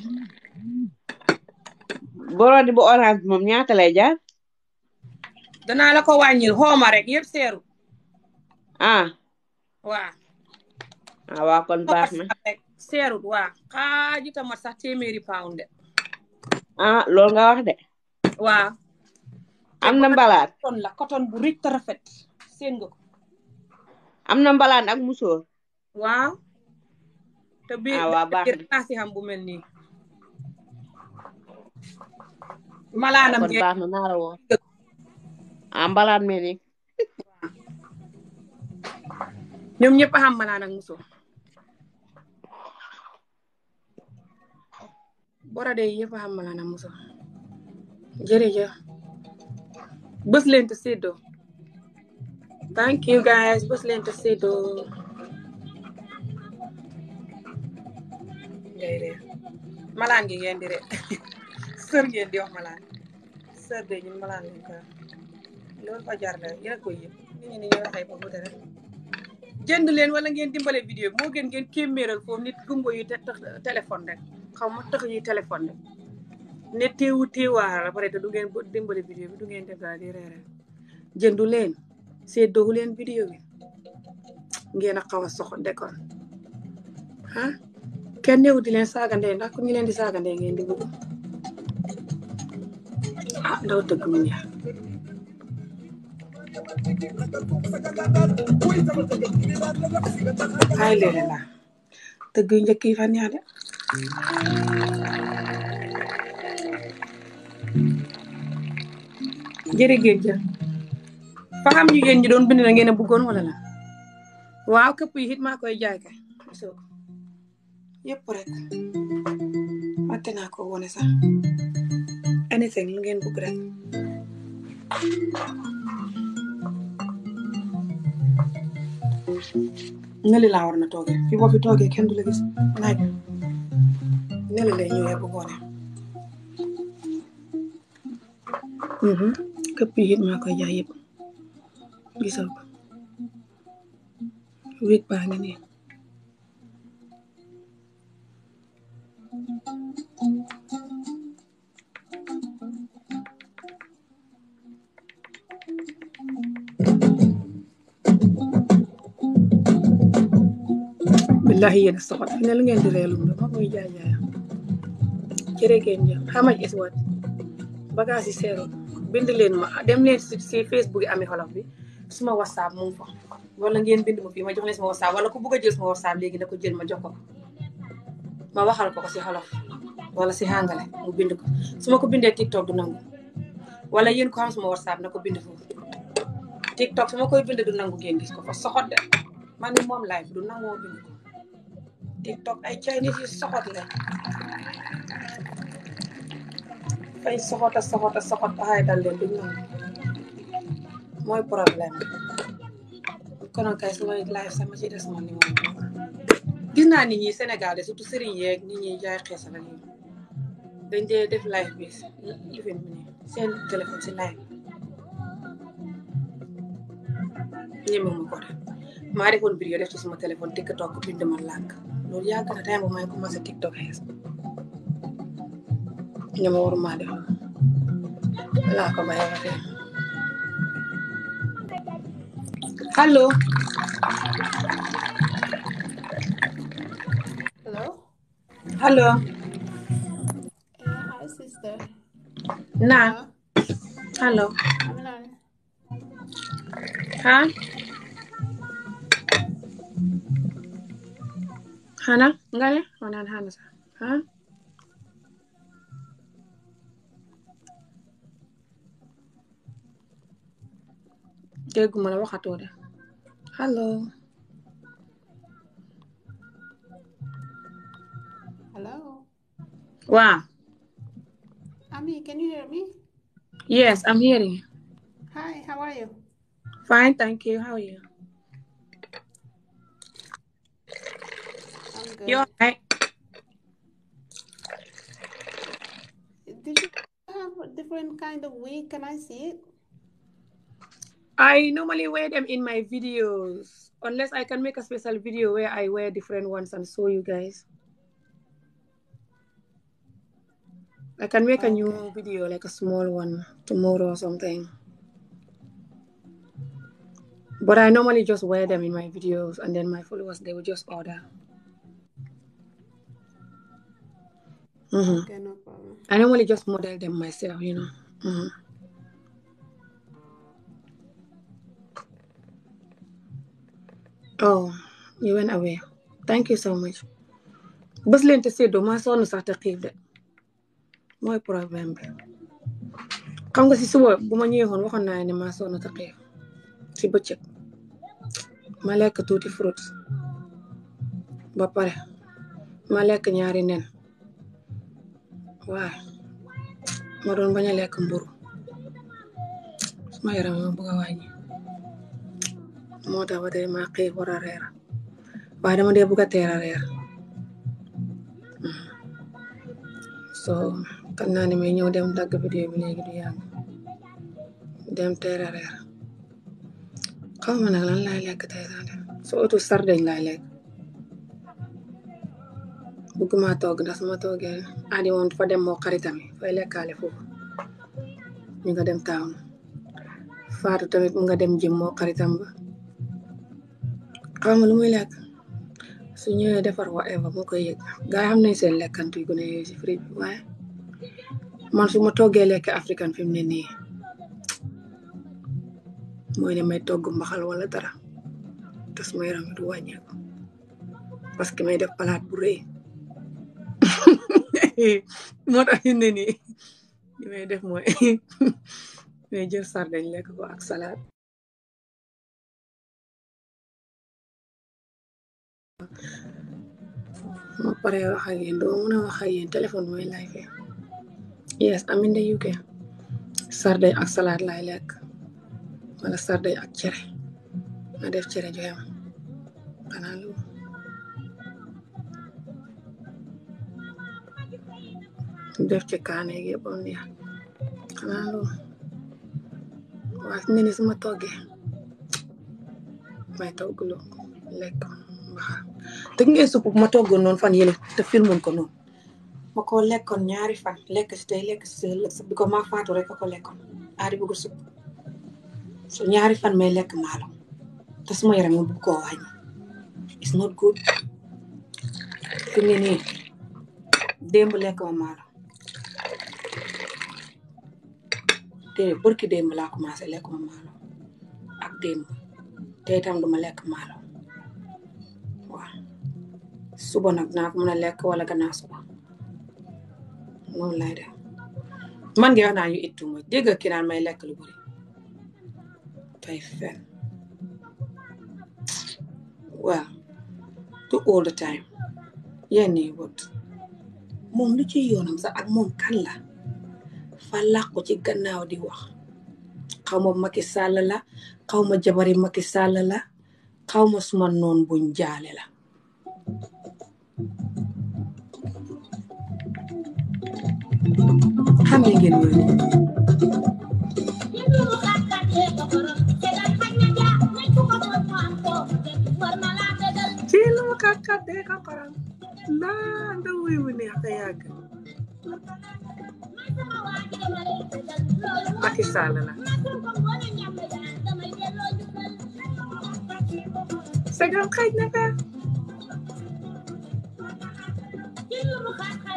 borodi orange moom ñaata lay jaar. dana la ko wàññil xooma rek yëpp seeru. ah. waaw. ah waaw baax na. seerut waaw xaaju tamat sax téeméeri pound de. ah loolu nga wax de. waaw. am na mbalaan la coton bu rëy te rafet seen am na mbalaan ak musóor waaw te bii ah, waaw baax na xam bu mel nii malaanam ah, kon baax na naa la woo ah, mbalaan mel ni ñoom ñëpp a malaan ak musóor borade yi yëpp a xam malaan ak musóor jërëjëf bës leen te séddoo thank you guys bës leen malaan gi ngeen di re sër ngeen di wax malaan sër de ñun malaan lañ ko loolu fa jar la yéen a koy yëpp nit ñi ni ñuy waxee boobu dara jënd leen wala ngeen dimbale vidéo bi moo gën ngeen téeméeral foofu nit gumbo yu te rek xaw ma tax ñuy téléphone rek ne téewu téewaa la pare te du ngeen dimbale du ngeen def daal di reere jëndu leen seddoowu leen vidéo bi ngeen a xaw a sox dekon ah kenn néewu di leen saagandee ndax ku ñu leen di saagandee ngeen di bugg ah ndaw tëgg mu neex ay léeg-léeg la tëgg njëkk fa neex de jërë géej ja fa xam ñi doon bind na ngeen a bëggoon wala la waaw këpp yi it maa koy jaay kay so rek fàtte naa ko wone sax anything lu ngeen bëgg rek neli laa war na toogee fi boo fi kenn du la gis naaj neli lay ñëwee bu ngoonee mhm. këpp yi maa koy jaay yëpp gisal ko baa ngi nii billahi yéen soxal fi ne lu ngeen ma koy jaay jaay jërë ngeen jëf how much is what bagage yi bind leen ma dem leen si si Facebook yi Ami bi suma whatsapp mu ngi fa wala ngeen bind ma fii ma jox leen suma whatsapp wala ku bëgg a jël suma whatsapp léegi na ko jël ma jox ko ma waxal ko ko si xolof wala si hàngale mu bind ko su ma ko bindee TikTok du nangu wala yéen ko xam suma whatsapp na ko bind foofu TikTok su ma koy bind du nangu ngeen gis ko fa soxot de man moom live du nangoo bind ko TikTok ay Chinese yu soxot la dafay soxota soxota soxot ba xaytal mooy problème konoon kay suma live sama ci des moom ni gis naa nit ñi Sénégal surtout sëriñ yeeg nit ñi jaay xeesal ak yi dañ dee def live bi even mu ne seen téléphone si live ñeme mu maa defoon vidéo def suma téléphone TikTok bind ma làkk loolu yàgg na time bu may commencé TikTok xees lima waruma def laa ko bàyyi waxe allo hello hello hi sister naa hello ha hana ngale onan hana sa ha dégguma la waxatoo de allo hello waaw Ami can you hear me yes I'm hearing you hi how are you fine thank you how are you I'm good you're right did you have a different kind of wig can I see it I normally wear them in my videos, unless I can make a special video where I wear different ones and show you guys. I can make a new video, like a small one, tomorrow something. But I normally just wear them in my videos, and then my followers they will just order. Mm-hmm. I normally just model them myself, you know. Mm-hmm. oh you went away thank you so much bés leen te maa sonn sax te xiif de mooy problème bi xam nga si suba bu ma ñëwoon waxoon naa ne maa sonn te xiif si bëccëg ma lekk tuuti fruit ba pare ma lekk ñaari nen waaw ma doon bañ a lekk mburu suma yaram ma bëgg moo tax ba tey maa war a reer waaye dama dee bugg a teera a reer hmm. so xam naa ne may ñëw dem dagg vidéo bi léegi du yàgg dem teel a reer xaw ma nag lan laay lekk tey laa dem surtout sardeñ laay ma toog ndax suma toogee aadi moom fa dem moo xaritami fay lekkaale foofu ñu nga dem taawun faatu tamit mu nga dem jëm moo xaritam xawma lu muy lekk su ñëwee defar whatever moo koy yëg gaa yi xam nañ seen lekkantu yu gën a yooyu si fridge waaye man su ma toggee lekk african fi mu ne nii mooy ne may togg mbaxal wala dara te su ma yaram du parce que may def palaat bu rëy moo ne nii li def mooy may jël sardeñ lekk ko ak salade Mo pare waxa yeen duma muna waxa yeen telefon mooy layfe yes aminde yuke sardeñ ak salaat lay lekk wala sardeñ ak cere nga def cere ju xem xanaa lool. def ci kaaneeg yepp bam neex xanaa lool waay suma togge may togg loo lekk. te ngeen supp ma toggoon noon fan yële te filmoon ko noon ma ko lekkoon ñaari fan lekk si tey lekk si bi ko maa faatu rek ko lekkoon aari bëgg supp su ñaari fan may lekk maalo te suma yaram mu bëgg koo wàññi it's not good fi mu ne lekk ma maalo te bërki démb laa commencé lekk ma maalo ak démb te itam duma lekk maalo suba nag naa ko mën lekk wala gannaaw suba moom lay def man ngi wax naa yu it too much dégg may lekk lu bëri fay fen waaw du all the time yenn yi wut moom lu ci yoonam sax ak moom kan la fa làqu ci gannaaw di wax xaw ma Macky Sall la xaw ma jabari Macky Sall la xaw ma suma noon buñ jaale la xamee ngeen loolu ci lu kàkkat dee ka koram naa nga wuy wu neex te yàgg Macky Sall la segam xëj na ka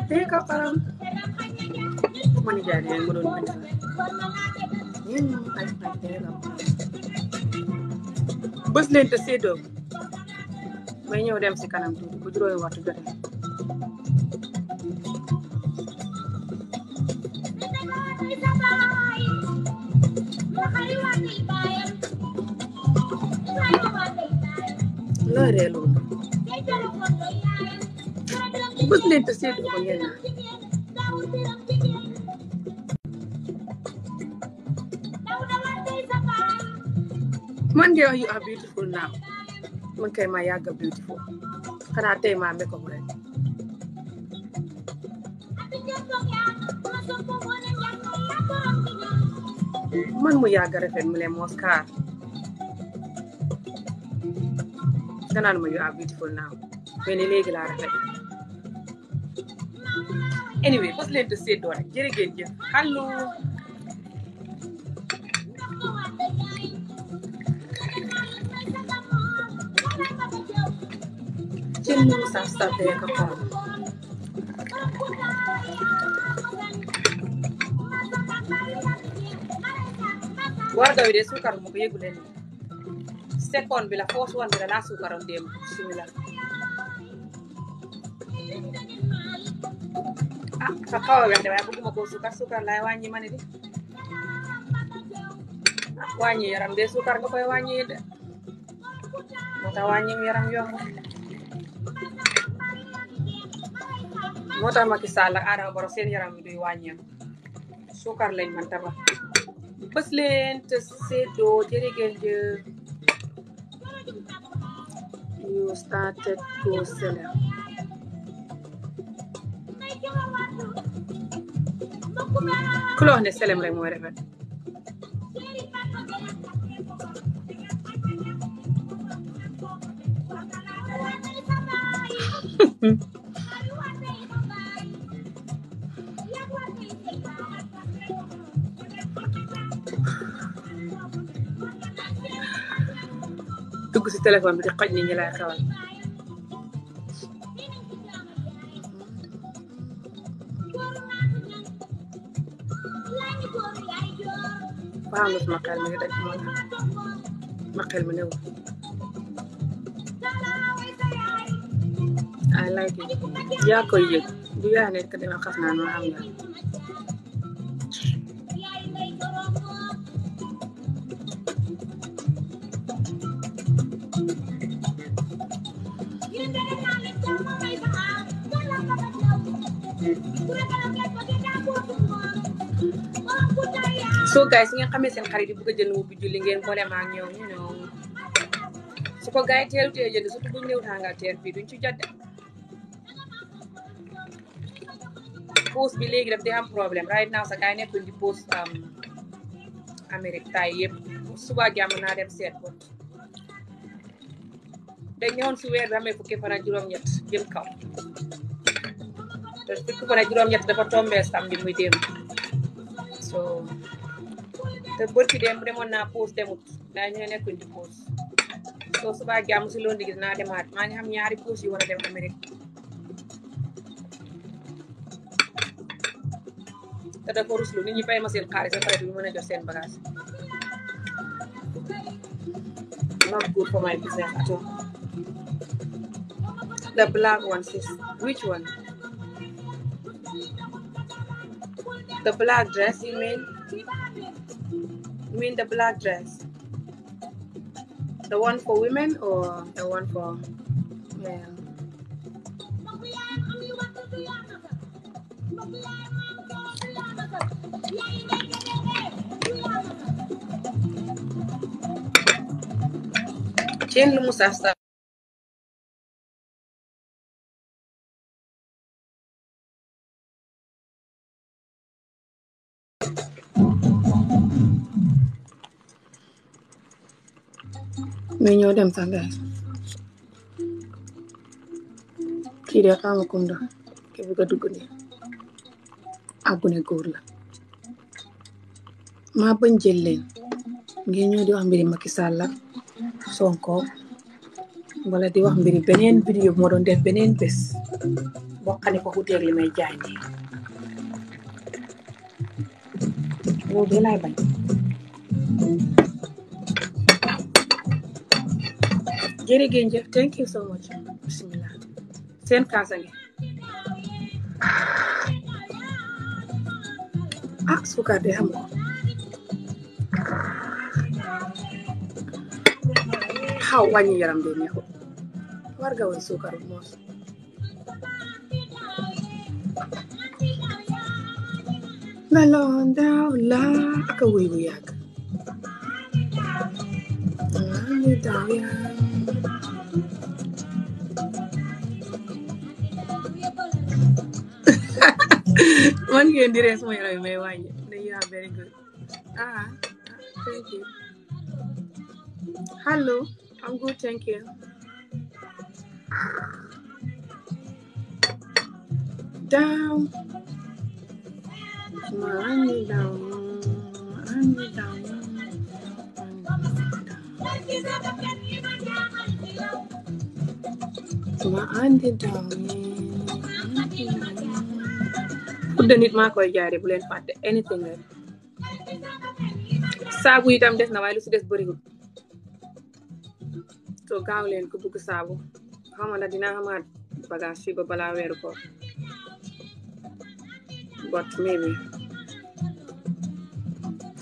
dee ka koram sama nijaay nee ma doon bind yéen ñoom ay partenaires am bés leen te séddoo may ñëw dem si kanam tuuti bu juróomi waxtu jotee loolu bés leen te séddoo ko ngeen man ngay wax you beautiful now man kay ma yàgg a beautiful xanaa tey ma amee mu rek man mu yàgg a rafet mu ne moskaar ganaan ma you are beautiful now mais ne léegi laa rafet anyway bos leen te seddoo rek jërëgeen jëf allo 찔리고 쌉싸대 갖고 war daw de suukar mu ko yëgu leen seconde bi la foos wan bi la laa la ah ka xaw a wex de waaye bëgguma koo suukar de ah wàññi yaram de suukar nga koy wàññi de moo tax yaram yomb moo tax Macky Sall ak Adama seen yaram bi duy wàññeeku suukar lañ man tabax bës leen te seddoo jërë ngeen you started to sell ku la ne selem rek mooy rafet si téléphone bi di xoj ni ñi lay xewal waaw nga sama xel mi ngi daj moo ma xel mi newul like yaa koy yëg bu yaa nekk dama xas naan ma xam nga guys ngeen xamee seen xarit yi bëgg a jënd wu bi julli ngeen boole ma ñëw ñu ñëw ko gars yi teelu tee jënd surtout buñ néew tàngal teer bii duñ ci jot bi léegi daf di am problème um, naa dem seet ko dañ ñëwoon si weer bi amee fukki fan ak juróom-ñett jëm kaw dafa tombé samedi muy démb te bërki dem demoon naa pause demut ndax ñu ne nekkuñ di pause soo subaa jàmm si loolu gis naa demaat maa ngi xam ñaari pause yi war a dem Amérique te dafa ruslu nit ñi fay ma seen xaalis ba pare du ñu mën a jot seen bagage not good for my business at all black one sis which one the black dress you mean You mean the black dress? The one for women or the one for men? Chin lu mu saf saf mais ñoo dem sax gaay kii de xaama kum dox ki bëgg a dugg ni ne góor la maa bañ jël leen ngir ñoo di wax mbiri Macky Sall wala di wax mbiri beneen vidéo moo doon def beneen bés bokkane ko xuteeg li may jaay nii loolu de bañ jërëgéen jëf thank you so ngi ah suukar de xam ko xaw yaram de neexul war nga woon suukar moos meloon daaw laa aka wéy bu yàgg daaw yaa man ngeen di rees mooy roy may wàññi ne you are very good ah thank you hello I'm good thank you down ma wàññi down ma wàññi down tudde nit maa koy jaare bu leen fàtte saabu itam des na waaye lu si des bëriwul so gaaw leen ku saabu xama na dina xamaat bagage fii ba balaa weeru ko but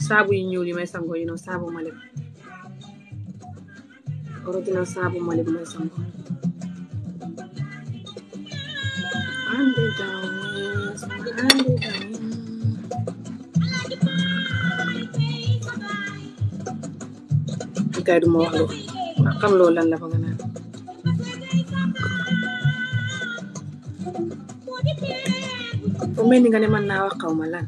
saabu yu ñuul yi may sango you know malib original saabu malib may undergoes, my undergoes. Gars du ma wax loolu ma xam loolu la fa nga naan. bu mel ni nga ne mën naa wax kaw ma lan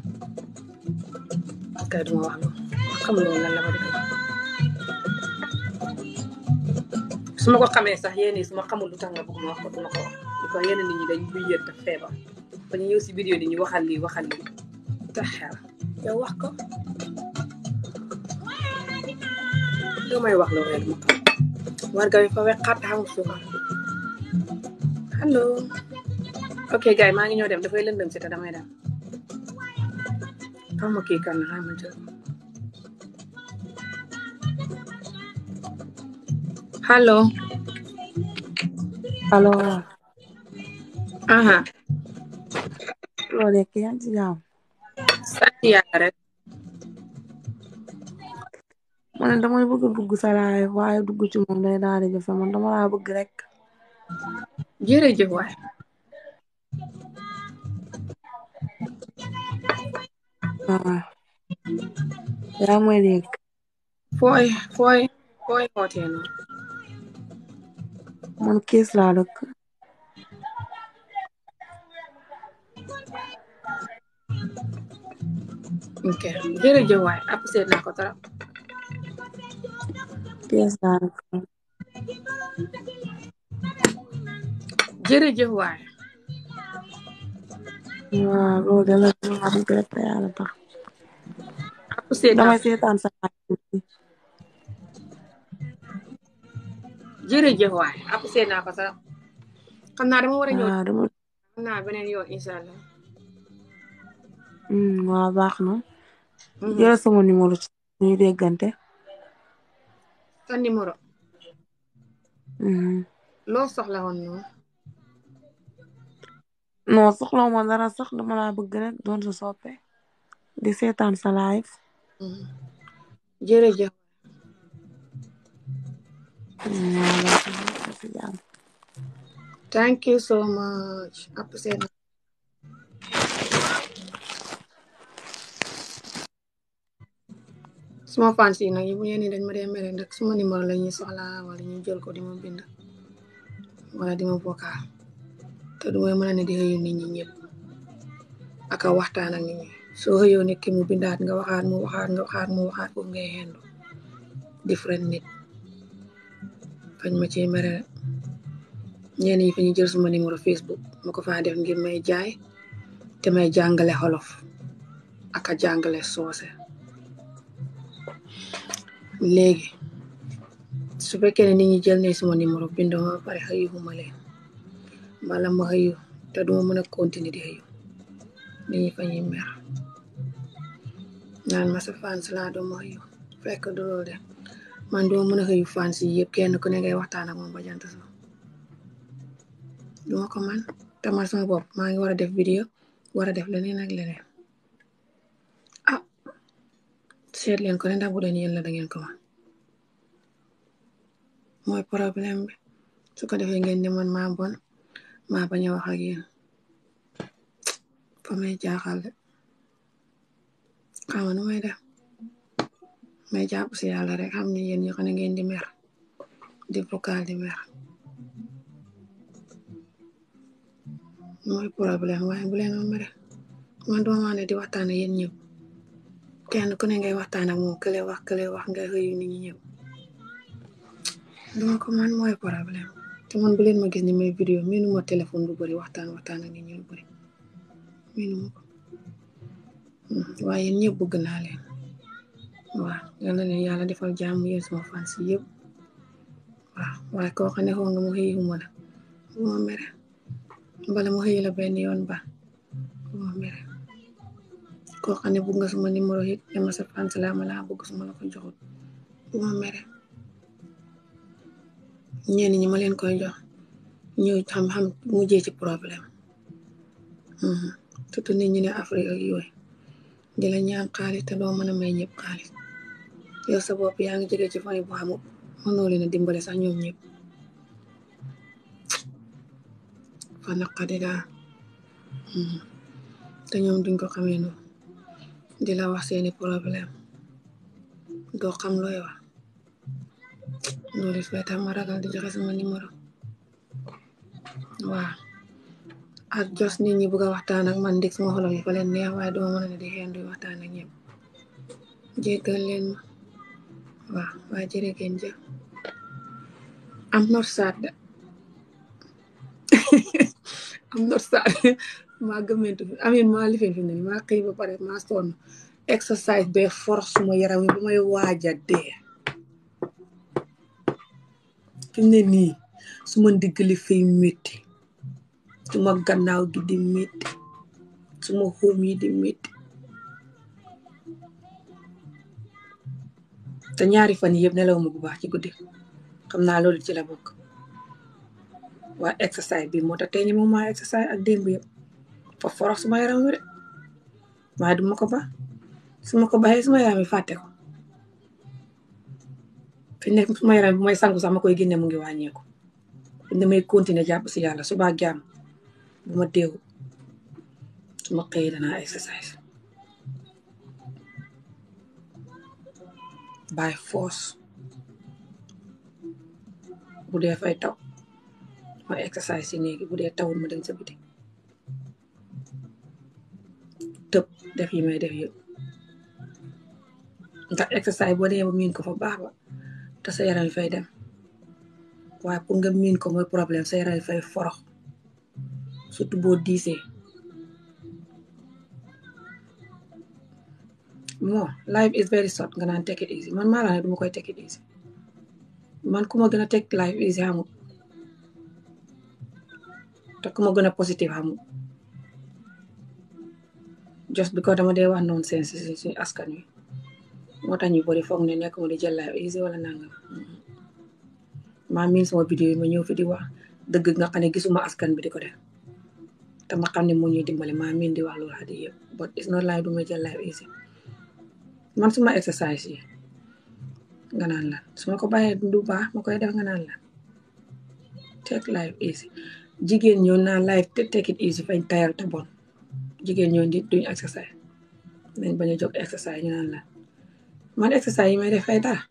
gars du ma wax loolu ma xam loolu la fa def. su ma ko xamee sax yéen su ma xamul lu nga bëgg ma wax ko du wax. encore yenn nit ñi dañ buy yër te feebar ba ñu ñëw si ñi waxal lii waxal lii taxaw yow wax ko loo may wax loo rek ma warga bi fa weqaat taxaw suukar allo ok gars yi maa ngi ñëw dem dafay lëndëm si te damay dem xam ma kii kan la ma jël allo loo nekk yaa ngi ci rek. ma damay bëgg dugg sa laay waaye dugg ci moom day daal di jafe man dama bëgg rek. jërëjëf waay. waaw. yaa may dégg. fooy fooy fooy wootee man kees laa ok jërëjëf waay apprécié naa ko trop. jërëjëf waay. waaw loolu de la ñu am bépp yàlla tax. naa damay seetaan sa jërëjëf waay apprécié naa ko trop. dama war a ñëw yoo naa Mm, waaw baax na jël mm-hmm. sama numéro ci ñuy déggante sa numéro mm-hmm. loo soxla woon noonu soxla ma dara sax dama laa rek doon sa soppe di seetaan sa live mm-hmm. jërëjëf thank you so much appreciate suma fans yi nag yi bu ñeen ni dañ ma dee mere suma numéro la ñu soxla wala ñu jël ko di ma wala di ma vocal te du may mën a ne di xëyu nit ñi ñëpp ak a waxtaan ak nit ñi soo xëyoo nit ki mu nga waxaat mu waxaat nga waxaat mu waxaat foofu ngay xendu different nit fañ ma ciy mere ñeen yi fa ñu jël suma numéro Facebook ma ko fa def ngir may jaay te may jàngale xolof ak a jàngale soose léegi su fekkee ne nit ñi jël nañ sama numéro bindoo ma pare xëyuuma bala ma xëyu te duma mën a continuer di xëyu nit ñi fa ñuy mer naan ma sa fans laa de man duma mën a xëyu fans yi yëpp kenn ku ne ngay waxtaan ak moom ba jant so ma ko man tamal sama maa ngi war a def vidéo war a def leneen ak leneen seet leen ko ne ndax bu doon la da ngeen ko mooy problème bi su ko defee ngeen ne man maa bon maa bañ a wax ak yéen fa may jaaxal de xaw ma nu may de may jàpp si yàlla rek am ne yéen ñoo xam ngeen di mer di vocal di mer mooy problème waaye bu leen mere man duma ne di waxtaane yéen kenn ku ne ngay waxtaan ak moom kële wax kële wax nga xëyu nit ñi duma ko man mooy problème te man bu leen ma gis ni may vidéo miinu ma téléphone bu bëri waxtaan waxtaan ak lu bëri miinu ma ko hmm, waaye yéen ñëpp naa leen waaw yàlla leen yàlla defal jàmm yéen sama fans yëpp wa waaye koo xam nga mu xëyi xuma la bala mu xëyi la benn yoon ba koo xam ne bëgg nga suma numéro it dama sa fan la ma laa bëgg suma la ko joxut bu ma mere ñenn ñi ma leen koy jox ñu xam-xam ci problème mhm. surtout nit ñu ne Afrique ak yooyu di la ñaan xaalis te doo mën may ñëpp xaalis yow sa bopp yaa ngi jógee ci famille bu xamul mënoo leen a dimbale sax ñoom ñëpp fa naqadi daal mhm. te ñoom duñ ko xamee di la wax seeni problème doo xam looy wax loolu fay tax ma ragal di joxe sama numéro waaw jos nit ñi bëgg a waxtaan ak man ndik sama xolom yi fa leen neex waaye ne di xeen di waxtaan ak ñëpp jéggal leen ma waaw waaye jërë ngeen jëf am not am not sad maa gëmmentu amin maa lifin fi ne maa xëy ba pare maa sonn exercice be force suma yaram yi ba may waaja dee fi ne nii suma ndiggali fay métti suma gannaaw gi di métti suma xóom yi di métti te ñaari fan yëpp nelawuma bu baax ci guddi xam naa loolu ci la bokk waa exercice bi moo tax tey ñi moom maa exercice ak démb yëpp fa forox suma yaram wi de ma du ma ko ba su ma ko baxee suma yaram wi fàtte ko fi nekk suma yaram bi mooy sangu sax ma koy génne mu ngi wàññeeku may continuer jàpp si yàlla suba ak jàmm bu ma déewu su ma xëyee danaa exercise by force bu dee fay taw ma exercise yi néegi bu dee tawul ma dem sa biti def yi may def yëpp ndax exercice boo demee miin ko fa baax ba te sa yaram fay dem waaye pour nga miin ko mooy problème sa yaram fay forox surtout boo diisee moo life is very short nga naan take man maa ne duma koy take it man ku ma gën a take life easy xamul te ku ma gën a positive just because dama de wax nonsense si suñu askan wi moo tax ñu bëri foog ne nekkuma di jël live easy wala nangam mm-hmm. maa miin sama vidéo yi ma ñëw fi di wax dëgg nga xam gisuma askan bi di ko def te ma ne moo ñuy dimbale maa miin di wax loolu xadi yëpp but it's not live du ma jël live easy man suma exercise yi nga naan lan su ko bàyyee du baax moo koy def nga naan lan take live easy jigéen ñoo naa live te take it easy fañ tayal te bon jigéen ñoo duñ exercise nañ bañ a jóg exercise ñu naan la man exercise yi may def fay dara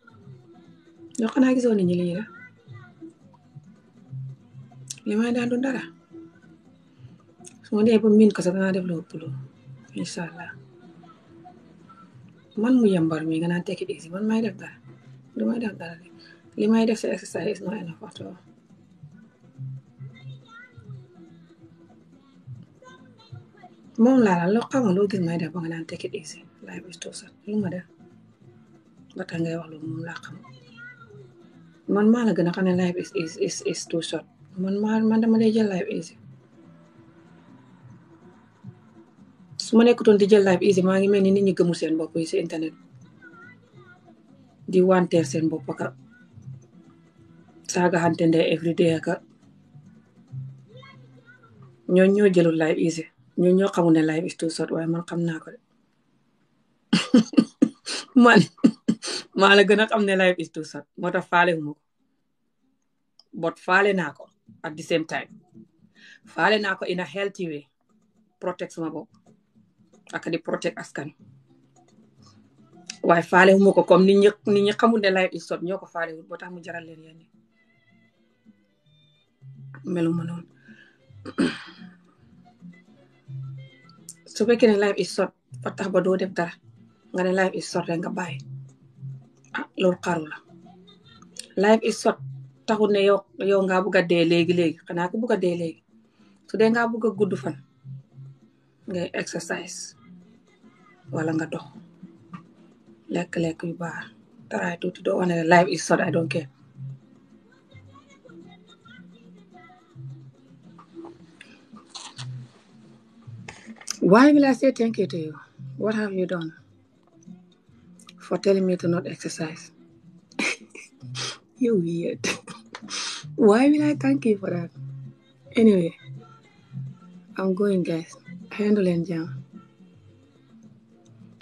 ñoo xanaa gisoo nit ñi li ñu la li may daan du dara su dee ba miin ko sax danaa def loo puloo incha allah man mu yembar mi nga naan tekki man may def dara du may def dara li may def si exercise is not enough at all moom laa la loo xamal loo gis may def ba nga naan take easy life is too short lu ma def ngay wax lu moom laa xam man maa la gën a xam ne life is is is too short man maa man dama dee jël life easy su ma nekkutoon di jël life easy maa ngi mel ni nit ñi gëmul seen bopp yi si internet di wanteer seen bopp ka saaga xante ndee everyday ka ñooñ ñoo jëlul life easy ñoo ñoo xamul ne life is too short waaye man xam naa ko de man maa la gën a xam ne life is too moo tax faale wu ko but faale naa ko at the same time faale naa ko in a healthy way protect sama bopp ak di protect askan waaye faale wu ma ko comme nit ñi nit ñi xamul ne life is short ñoo ko faale wul boo tax mu jaral leen yenn meluma noonu su fekkee ne life is short ba tax ba doo def dara nga ne life is short rek nga bàyyi a ah, loolu xaru la life is short taxul ne yow yow nga bugg a dee léegi léegi xanaa ko bugg a dee léegi su dee ngaa bugg a gudd fan ngay exercise wala nga dox lekk lekk yu baax taraay tuuti doo wane life is short I don't care Why will I say thank you to you? done for telling not exercise? You're weird. Why thank you for that? Anyway, I'm going, guys. Handling jam.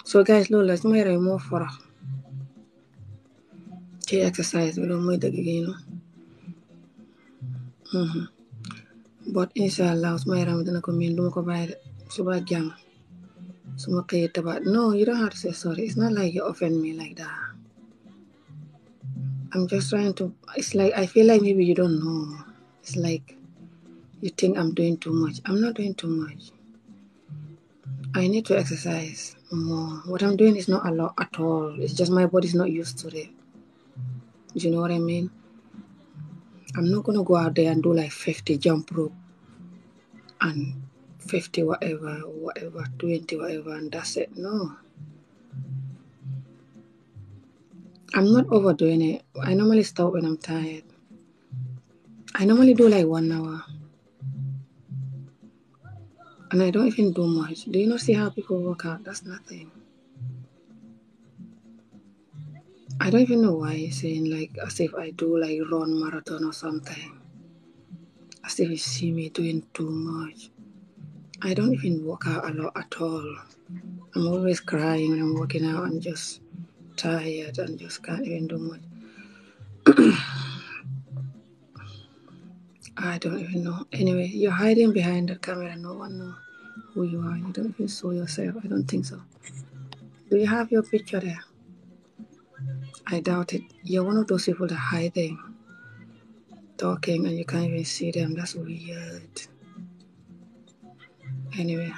So, guys, Lola, it's my more for ci exercise bi loolu mooy gi noonu but incha allah su ma yaram ko miin du ko bàyyi de suba jàmm suma xëye taba no you don't have to sorry it's not like you offend me like that I'm just trying to I feel like maybe you don't know it's like you think I'm doing too much I'm not doing too much I need to exercise more what I'm doing is not a at all it's just my body's not used to it do you I mean I'm not gonna go out there do like 50 jump rope fifty whatever, whatever, twenty whatever, and that's it. No. I'm not overdoing it. I normally stop when I'm tired. I normally do like one hour. And I don't even do much. Do you not see how people work out? That's nothing. I don't even know why you're saying like as if I do like run marathon or something. As if you see me doing too much. I don't even work out at all. I'm always crying when I'm working out. just tired and just can't even do I don't even know. Anyway, you're hiding behind the camera. No one knows who you are. You don't even show yourself. I don't think so. Do you have your picture there? I doubt it. You're one of those people that hiding, talking, and you can't even see them. That's weird. anyway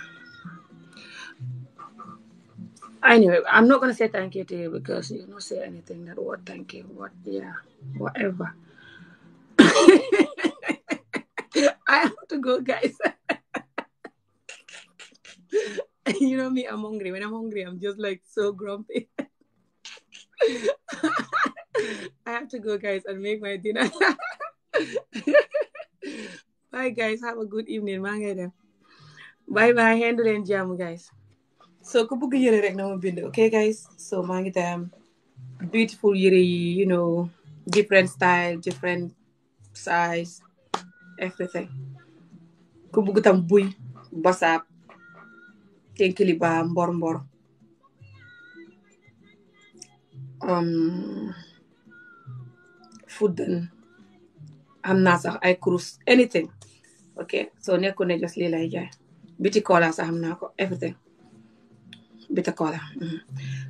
anyway i'm not going say thank you to you because you don't say anything that what thank you what yeah whatever i have to go guys you know me i'm hungry when i'm hungry i'm just like so grumpy i have to go guys and make my dinner bye guys have a good evening maa ngi bay bye xendu leen jàmm guys so ku bëgg yëre rek na ma bind ok guys so maa ngi tam beautiful yëre yi you know different style different size everything ku bëgg tam buy basaab tenkili ba mbor mbor um, fuddan am naa sax ay kurus anything ok so nekku ne jos lii lay jaay biti kola sax xam naa ko everything biti kola mhm.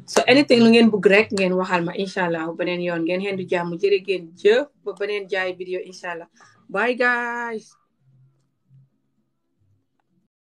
so anything lu ngeen bugg rek ngeen waxal ma incha allah beneen yoon ngeen xendu jàmm jërë ngeen jëf ba beneen jaay video incha allah bye